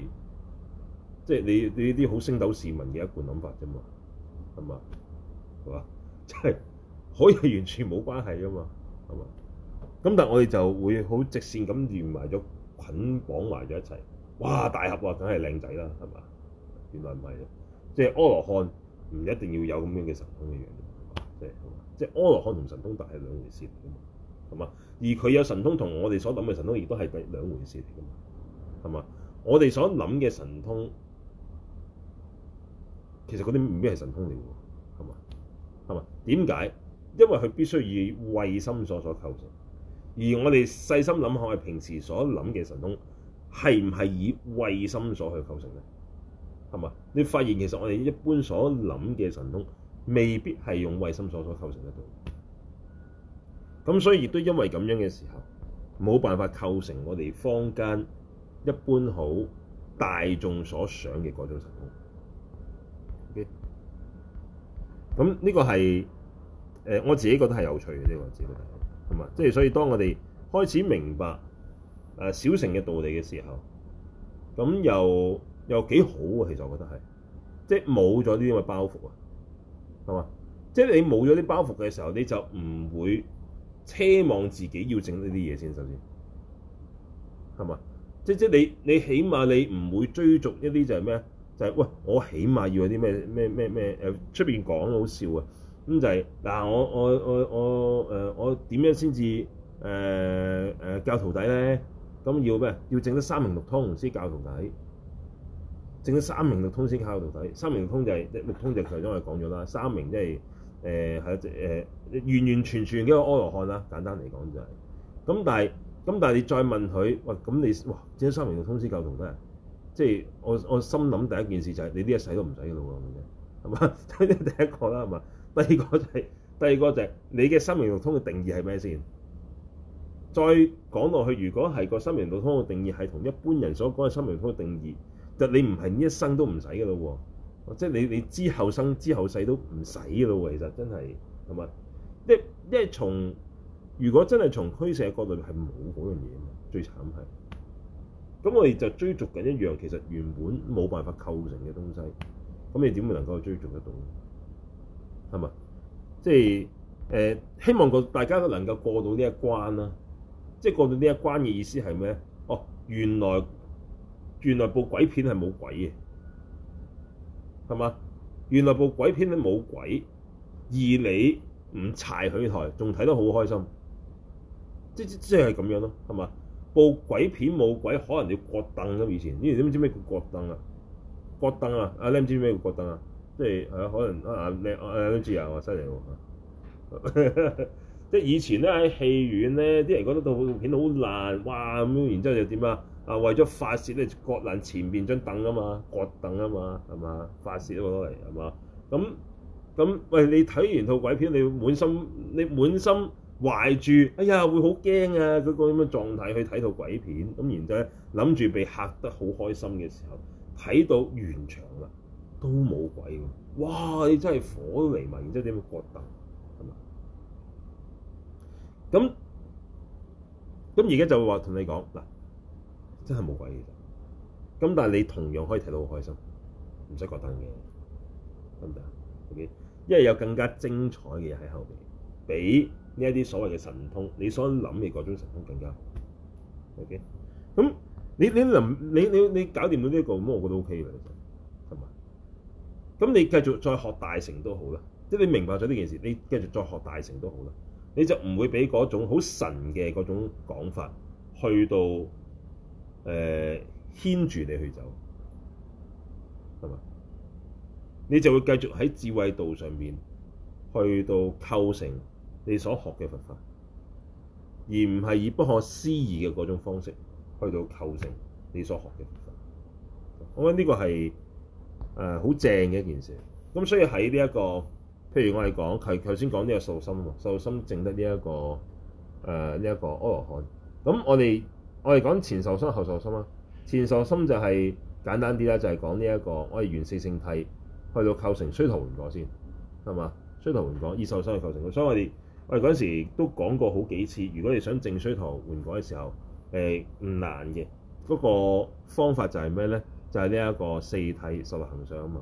即係你你呢啲好星斗市民嘅一貫諗法啫嘛？係嘛？係嘛？即係。可以完全冇關係噶嘛？係嘛？咁但係我哋就會好直線咁連埋咗捆綁埋咗一齊。哇！大俠話梗係靚仔啦，係嘛？原來唔係啫，即係阿羅漢唔一定要有咁樣嘅神通嘅樣，即係即係阿羅漢同神通大係兩回事嚟噶嘛？係嘛？而佢有神通同我哋所諗嘅神通，亦都係兩回事嚟噶嘛？係嘛？我哋所諗嘅神通，其實嗰啲未必係神通嚟㗎，係嘛？係嘛？點解？因為佢必須以慧心所所構成，而我哋細心諗下，我哋平時所諗嘅神通係唔係以慧心所去構成呢？係嘛？你發現其實我哋一般所諗嘅神通未必係用慧心所所構成得到。咁所以亦都因為咁樣嘅時候，冇辦法構成我哋坊間一般好大眾所想嘅嗰種神通。咁呢個係。誒我自己覺得係有趣嘅呢個字，係嘛？即係所以當我哋開始明白誒小城嘅道理嘅時候，咁又又幾好啊！其實我覺得係，即係冇咗啲咁嘅包袱啊，係嘛？即係你冇咗啲包袱嘅時候，你就唔會奢望自己要整呢啲嘢先，首先係嘛？即即你你起碼你唔會追逐一啲就係咩？就係喂，我起碼要有啲咩咩咩咩誒出邊講好笑啊！咁就係、是、嗱，我我我我誒，我點樣先至誒誒教徒弟咧？咁要咩？要整咗三明六通先教徒弟，整咗三明六通先教徒弟。三明六通就係、是、六通就係頭先我講咗啦，三明即係誒係一隻誒完完全全嘅阿羅漢啦。簡單嚟講就係、是、咁，但係咁但係你再問佢，喂，咁你哇整咗三明六通先教徒弟，即、就、係、是、我我心諗第一件事就係你呢一世都唔使嘅喎，係嘛？呢 (laughs) 個第一個啦，係嘛？第二個就係、是，第二個就係你嘅心靈路通嘅定義係咩先？再講落去，如果係個心靈路通嘅定義係同一般人所講嘅心靈通嘅定義，就你唔係呢一生都唔使嘅咯喎，即係你你之後生之後世都唔使嘅咯喎，其實真係係咪？即係從如果真係從虛實的角度係冇嗰樣嘢啊嘛，最慘係。咁我哋就追逐緊一樣其實原本冇辦法構成嘅東西，咁你點會能夠追逐得到？係咪？即係誒、呃，希望個大家都能夠過到呢一關啦、啊。即係過到呢一關嘅意思係咩？哦，原來原來部鬼片係冇鬼嘅，係嘛？原來部鬼片咧冇鬼，鬼，鬼，而你唔柴佢台，仲睇得好開心。即即即係咁樣咯，係嘛？部鬼片冇鬼，可能要割凳咁以前。以前你知唔知咩叫割凳啊？割凳啊！啊，你唔知咩叫割凳啊？即係可能啊你啊 a n g e l a 犀利喎！即係以前咧喺戲院咧，啲人覺得套片好爛哇咁，然之後又點啊？啊，為咗發泄咧，割爛前邊張凳啊嘛，割凳啊嘛，係嘛？發泄都攞嚟係嘛？咁咁，餵你睇完套鬼片，你滿心你滿心懷住哎呀會好驚啊嗰，那個咁嘅狀態去睇套鬼片，咁然之後諗住被嚇得好開心嘅時候，睇到完場啦。都冇鬼嘅，哇！你真係火都離埋，然之後點樣割燈？係嘛？咁咁而家就會話同你講嗱，真係冇鬼嘅。咁但係你同樣可以睇到好開心，唔使割燈嘅，得唔得？O K，因為有更加精彩嘅嘢喺後面，比呢一啲所謂嘅神通，你所諗嘅嗰種神通更加好 OK。咁你你你你你搞掂到呢一個，咁我覺得 O K 嘅。咁你繼續再學大乘都好啦，即係你明白咗呢件事，你繼續再學大乘都好啦，你就唔會俾嗰種好神嘅嗰種講法去到誒、呃、牽住你去走，係嘛？你就會繼續喺智慧道上面去到構成你所學嘅佛法，而唔係以不可思議嘅嗰種方式去到構成你所學嘅佛法。我覺得呢個係。誒、呃、好正嘅一件事，咁所以喺呢一個，譬如我哋講，佢頭先講呢個素心喎，素心證得呢一個誒呢一個阿羅漢。咁我哋我哋講前受心後受心啦，前受心就係、是、簡單啲啦，就係、是、講呢、這、一個我哋原四聖諦去到構成須陀洹果先，係嘛？須陀洹果，以受心去構成。所以我哋我哋嗰陣時候都講過好幾次，如果你想證須陀洹果嘅時候，誒、呃、唔難嘅，不過方法就係咩咧？就係呢一個四諦十六行相啊嘛，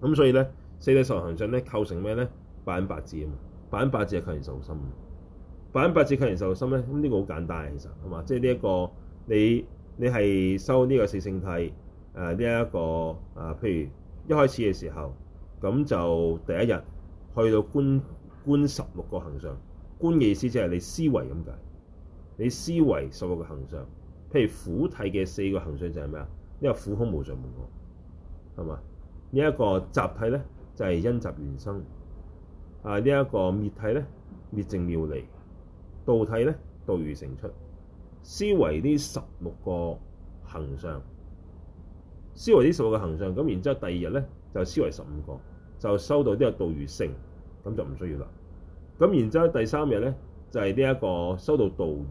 咁所以咧四諦十六行相咧構成咩咧？八忍八智啊嘛，八忍八智係構成十六心。八忍八智構成十六心咧，咁呢個好簡單啊，其實啊嘛，即係呢一個你你係修呢個四聖諦誒呢一個啊，譬如一開始嘅時候咁就第一日去到觀觀十六個行相，觀嘅意思就係你思維咁解，你思維十六個行相。譬如苦體嘅四個行相就係咩啊？呢、這個苦空無常門喎，係嘛？呢、這、一個集體咧就係、是、因集原生，啊呢一個滅體咧滅淨妙離，道體咧道如成出。思維呢十六個行相，思維呢十六個行相，咁然之後第二日咧就思維十五個，就收到呢個道如成，咁就唔需要啦。咁然之後第三日咧就係呢一個收到道如。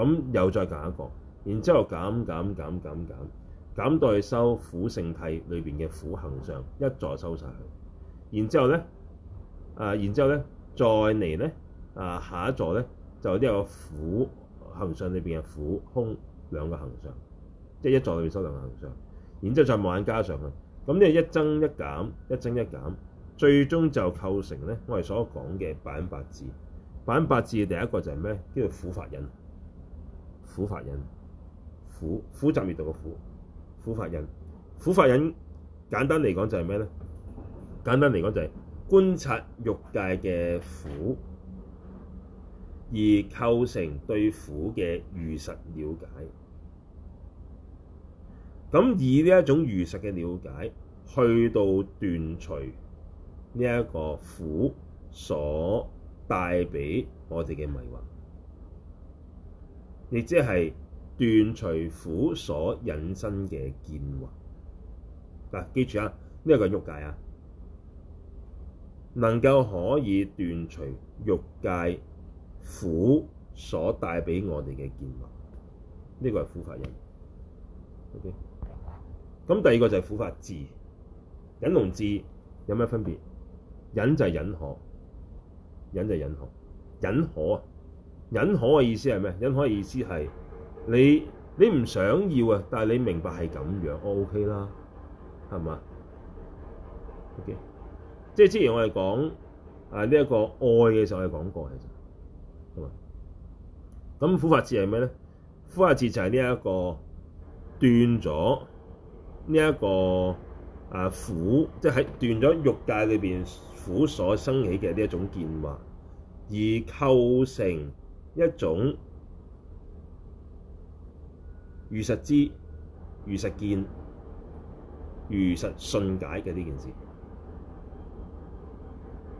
咁又再揀一個，然之後減減減減減，減到去收苦聖諦裏邊嘅苦行相一座收晒佢。然之後咧，啊，然之後咧，再嚟咧，啊，下一座咧就呢個苦行相裏邊嘅苦空兩個行相，即係一座裏邊收兩個行相。然之後再慢慢加上去，咁呢係一增一減，一增一減，最終就構成咧我哋所講嘅八忍八智。八忍八智嘅第一個就係咩？叫做苦法忍。苦法忍，苦苦集滅道嘅苦，苦法忍，苦法忍，簡單嚟講就係咩咧？簡單嚟講就係觀察欲界嘅苦，而構成對苦嘅如實了解。咁以呢一種如實嘅了解，去到斷除呢一個苦所帶俾我哋嘅迷惑。你即係斷除苦所引申嘅見惑，嗱，記住啊，呢、這個係欲界啊，能夠可以斷除欲界苦所帶俾我哋嘅見惑，呢、這個係苦法忍。OK，咁第二個就係苦法智，忍同智有咩分別？忍就係忍可，忍就係忍可，忍可啊！忍可嘅意思係咩？忍可嘅意思係你你唔想要啊，但係你明白係咁樣，OK 啦，係嘛？OK，即係之前我哋講啊呢一個愛嘅時候我，我哋講過其實，咁苦法智係咩咧？苦法智就係呢一個斷咗呢一個啊苦，即係喺斷咗欲界裏邊苦所生起嘅呢一種見惑，而構成。一種如實知、如實見、如實信解嘅呢件事，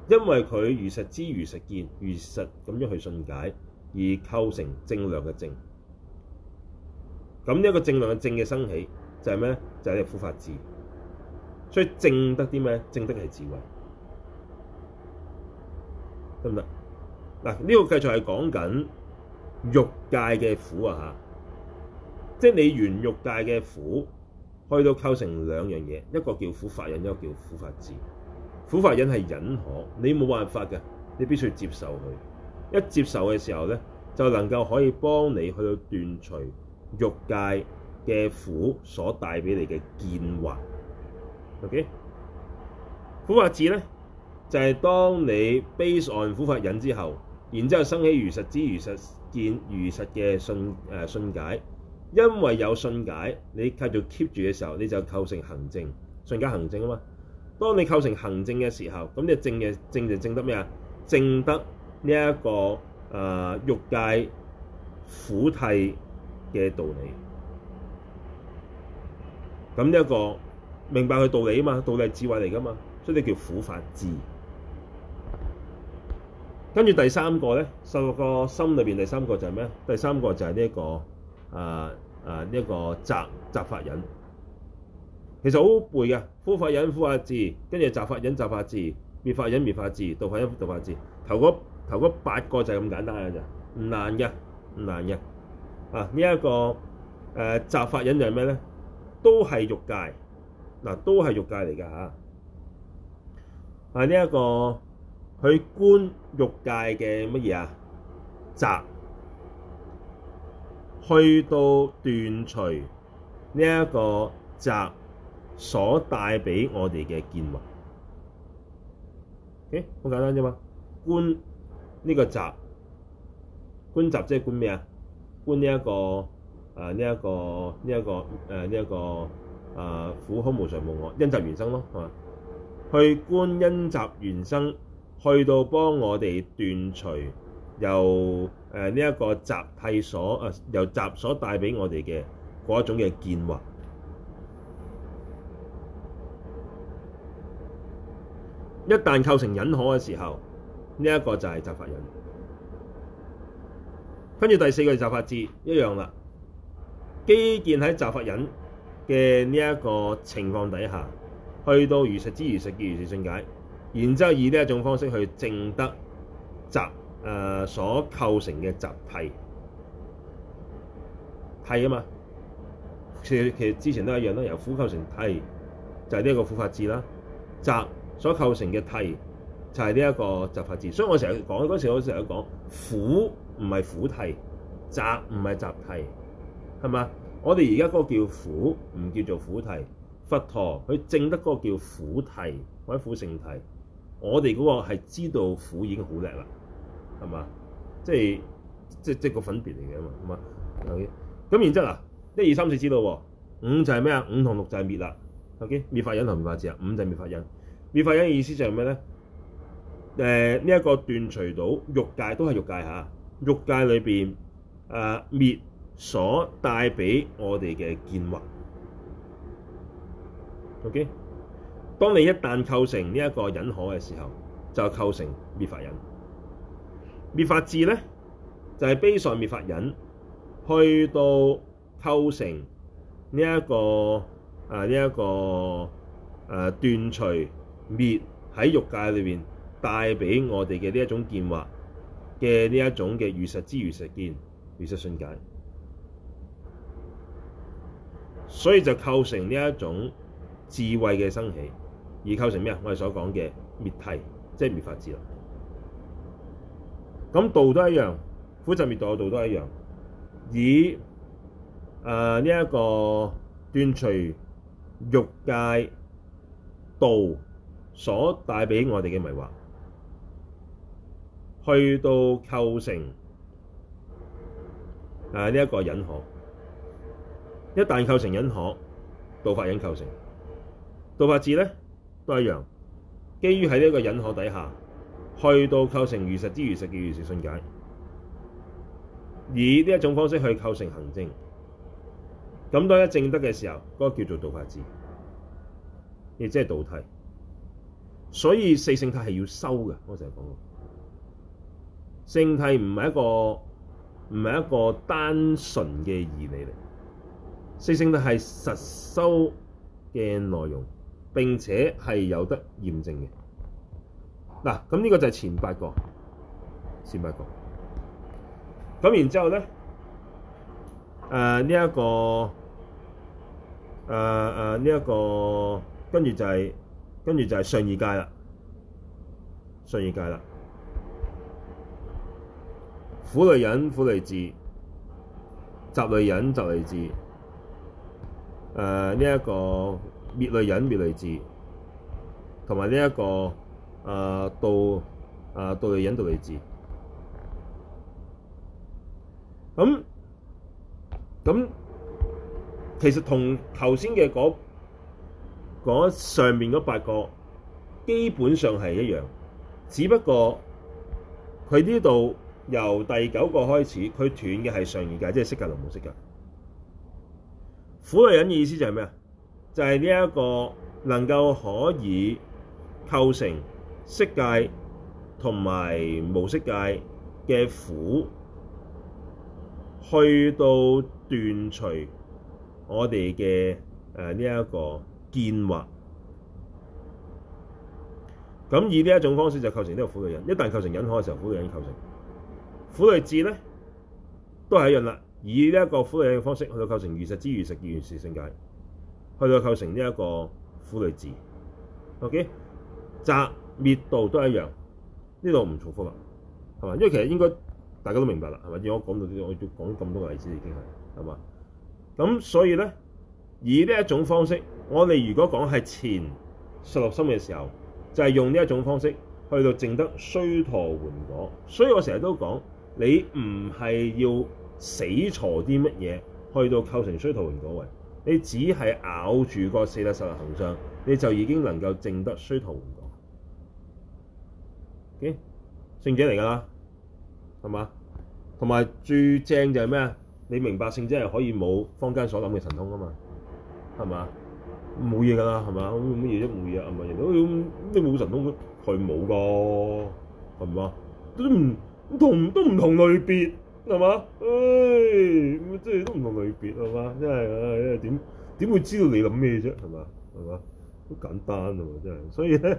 因為佢如實知、如實見、如實咁樣去信解，而構成正量嘅正。咁一個正量嘅正嘅生起就係咩咧？就係苦法智，所以正得啲咩？正得係智慧，得唔得？嗱、這個，呢個繼續係講緊欲界嘅苦啊！嚇，即係你原欲界嘅苦，去到構成兩樣嘢，一個叫苦法忍，一個叫苦法智。苦法忍係忍可，你冇辦法嘅，你必須要接受佢。一接受嘅時候咧，就能夠可以幫你去到斷除欲界嘅苦所帶俾你嘅見惑。OK，苦法智咧，就係、是、當你 based on 苦法忍之後。然之後生起如實之，如實見，如實嘅信誒、呃、信解，因為有信解，你繼續 keep 住嘅時候，你就構成行證，信解行證啊嘛。當你構成行證嘅時候，咁你證嘅證就證得咩啊？證得呢一個誒、呃、欲界苦諦嘅道理。咁呢一個明白佢道理啊嘛，道理係智慧嚟噶嘛，所以叫苦法智。跟住第三個咧，十六個心裏邊第三個就係咩？第三個就係呢一個啊、啊，呢一個集、集法忍。其實好背嘅，苦法忍、苦法智，跟住集法忍、集法智，滅法忍、滅法智，道法忍、道法智，頭嗰、頭嗰八個就係咁簡單嘅咋，唔難嘅，唔難嘅啊！呢一個誒集法忍就係咩咧？都係欲界嗱，都係欲界嚟㗎嚇，係呢一個。去觀欲界嘅乜嘢啊？集，去到斷除呢一個集所帶俾我哋嘅見惑。誒，好簡單啫嘛。觀呢個集，觀集即係觀咩啊？觀呢、這、一個誒，呢、呃、一、這個呢一、呃這個誒，呢、呃、一、這個誒苦空無常無我因集緣生咯，係嘛？去觀因集緣生。去到幫我哋斷除由誒呢一個集諦所啊，由集所帶俾我哋嘅嗰種嘅見惑。一旦構成忍可嘅時候，呢、這、一個就係集法忍。跟住第四個係集法智，一樣啦。基建喺集法忍嘅呢一個情況底下，去到如實知如實嘅如實性解。然之後以呢一種方式去證得集誒、呃、所構成嘅集諦，係啊嘛？其實其實之前都一樣啦，由苦構成諦，就係呢一個苦法智啦；集所構成嘅諦，就係呢一個集法智。所以我成日講嗰時我常，我成日講苦唔係苦諦，集唔係集諦，係嘛？我哋而家嗰個叫苦，唔叫做苦諦；佛陀佢證得嗰個叫苦諦，或者苦聖諦。我哋嗰個係知道苦已經好叻啦，係嘛？即係即即個分別嚟嘅嘛，咁啊，OK。咁然之後啊，一二三四知道喎，五就係咩啊？五同六就係滅啦，OK 滅滅滅。滅法忍同滅法智啊，五就係滅法忍。滅法忍嘅意思就係咩咧？誒呢一個斷除到欲界都係欲界嚇，欲界裏邊誒滅所帶俾我哋嘅見惑，OK。當你一旦構成呢一個忍可嘅時候，就構成滅法忍。滅法智咧，就係悲上滅法忍。去到構成呢、這、一個啊呢一、這個誒斷除滅喺欲界裏邊帶俾我哋嘅呢一種見惑嘅呢一種嘅如實知、如實見、如實信解，所以就構成呢一種智慧嘅生起。而構成咩啊？我哋所講嘅滅諦，即係滅法智啦。咁道都是一樣，苦集滅道嘅道都一樣，以誒呢一個斷除欲界道所帶俾我哋嘅迷惑，去到構成誒呢一個忍可。一旦構成忍可，道法忍，構成道法智咧。都一樣，基於喺呢一個忍可底下，去到構成如實之如實嘅如實信解，以呢一種方式去構成行證。咁當一證得嘅時候，嗰、那個叫做道法智，亦即係道體。所以四聖諦係要修嘅，我成日講過。聖諦唔係一個唔係一個單純嘅義理嚟，四聖諦係實修嘅內容。並且係有得驗證嘅。嗱，咁呢個就係前八個，前八個。咁然之後咧，誒呢一個，誒誒呢一個，跟住就係、是，跟住就係信二界啦，上二界啦。苦類忍、苦類智，集類忍、集類智。誒呢一個。滅類忍滅類智同埋呢一個啊，道啊道類忍道類智，咁咁，嗯嗯，其實同頭先嘅嗰上面嗰八個基本上係一樣，只不過佢呢度由第九個開始，佢斷嘅係上二界，即係色界同無色界。苦類忍嘅意思就係咩啊？就係呢一個能夠可以構成色界同埋無色界嘅苦，去到斷除我哋嘅誒呢一個見惑。咁以呢一種方式就構成呢個苦嘅忍。一旦構成忍可嘅時候，苦嘅忍已構成。苦嘅智咧，都係一樣啦。以呢一個苦嘅忍嘅方式去到構成如實之如實如實性界。去到構成呢一個苦類智，OK？集、滅道都一樣，呢度唔重複啦，係嘛？因為其實應該大家都明白啦，係咪？要我講到呢度，我要講咁多個例子已經係係嘛？咁所以咧，以呢一種方式，我哋如果講係前十六心嘅時候，就係、是、用呢一種方式去到證得須陀洹果。所以我成日都講，你唔係要死錯啲乜嘢，去到構成須陀洹果位。你只係咬住個四諦十六行相，你就已經能夠證得須陀洹果，嘅、欸、聖者嚟噶啦，係嘛？同埋最正就係咩？你明白聖者係可以冇坊間所諗嘅神通啊嘛，係嘛？冇嘢噶啦，係嘛、啊？咁乜嘢啫？冇嘢係咪？你冇神通佢冇咯，係唔係？都唔同，都唔同類別。係嘛？誒、哎，即係都唔同類別係嘛？真係，點會知道你諗咩啫？係嘛？嘛？好簡單喎、啊，真係。所以咧，誒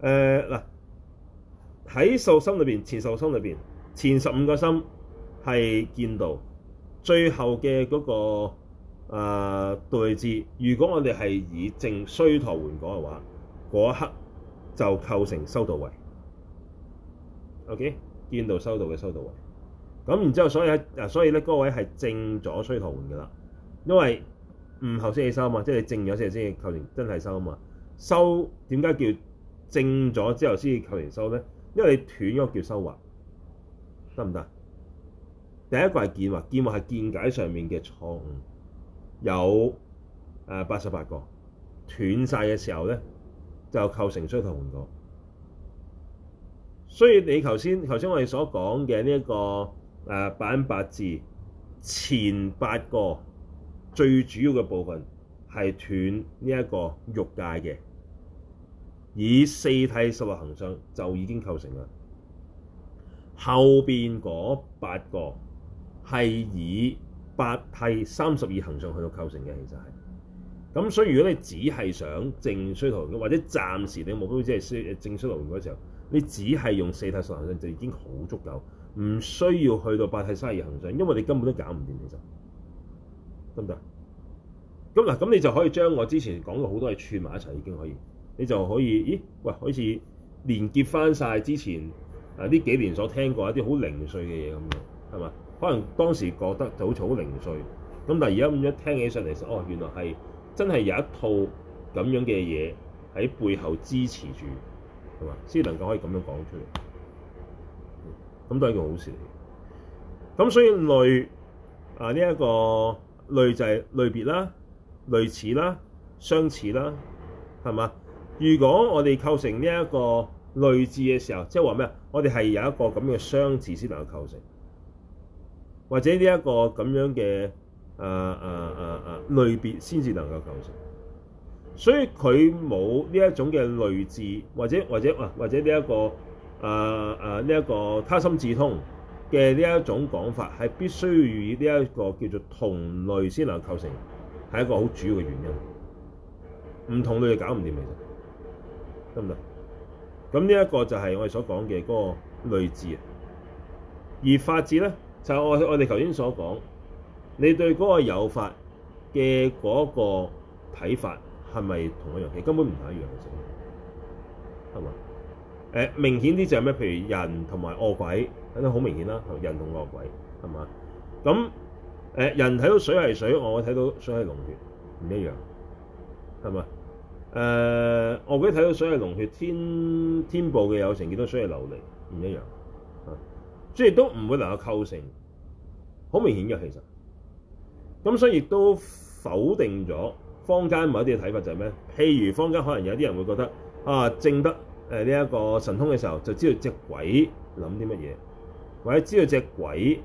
(laughs) 嗱、呃，喺受心裏邊，前受心裏邊，前十五個心係見道，最後嘅嗰、那個誒、呃、對治。如果我哋係以證須陀洹果嘅話，嗰一刻就構成修道位。OK，見道修道嘅修道位，咁然之後，所以嗱，所以咧嗰、那個、位係正咗須陀洹嘅啦，因為唔後先起修啊嘛，即係正咗先至先至構成真係修啊嘛，修點解叫正咗之後先至構成修咧？因為你斷咗叫修惑，得唔得？第一個係見惑，見惑係見解上面嘅錯誤，有誒八十八個斷晒嘅時候咧，就構成須陀洹咗。所以你頭先頭先我哋所講嘅呢一個誒八忍八智，前八個最主要嘅部分係斷呢一個欲界嘅，以四諦十六行相就已經構成啦。後邊嗰八個係以八諦三十二行相去到構成嘅，其實係。咁所以如果你只係想正衰圖，或者暫時你目標只係衰正衰圖嗰時候。你只係用四諦十六行相就已經好足夠，唔需要去到八諦三十二行相，因為你根本都搞唔掂，其實就得唔得？咁嗱，咁你就可以將我之前講過好多嘢串埋一齊，已經可以，你就可以，咦？喂，好似連結翻晒之前啊呢幾年所聽過一啲好零碎嘅嘢咁樣，係嘛？可能當時覺得就好似好零碎，咁但係而家咁一聽起上嚟，哦，原來係真係有一套咁樣嘅嘢喺背後支持住。係嘛？先能夠可以咁樣講出嚟，咁、嗯、都係一件好事嚟。咁所以類啊呢一個類就係類別啦、類似啦、相似啦，係嘛？如果我哋構成呢一個類字嘅時候，即係話咩啊？我哋係有一個咁嘅相似先能夠構成，或者呢一個咁樣嘅啊啊啊啊類別先至能夠構成。所以佢冇呢一種嘅類智，或者或者啊，或者呢一、這個、呃、啊啊呢一個他心智通嘅呢一種講法，係必須要以呢、這、一個叫做同類先能夠構成，係一個好主要嘅原因。唔同類就搞唔掂，其實得唔得？咁呢一個就係我哋所講嘅嗰個類智。而法智咧，就是、我我哋頭先所講，你對嗰個有法嘅嗰個睇法。係咪同一樣嘢？根本唔同一樣嘅，係嘛？誒、呃，明顯啲就係咩？譬如人同埋惡鬼睇到好明顯啦，人同惡鬼係嘛？咁誒、呃，人睇到水係水，我睇到水係龍血，唔一樣係嘛？誒，惡鬼睇到水係龍血，天天部嘅有情見到水係琉璃，唔一樣。所以都唔會能夠構成，好明顯嘅其實。咁所以亦都否定咗。坊間某一啲嘅睇法就係咩？譬如坊間可能有啲人會覺得啊，證得誒呢一個神通嘅時候，就知道隻鬼諗啲乜嘢，或者知道隻鬼。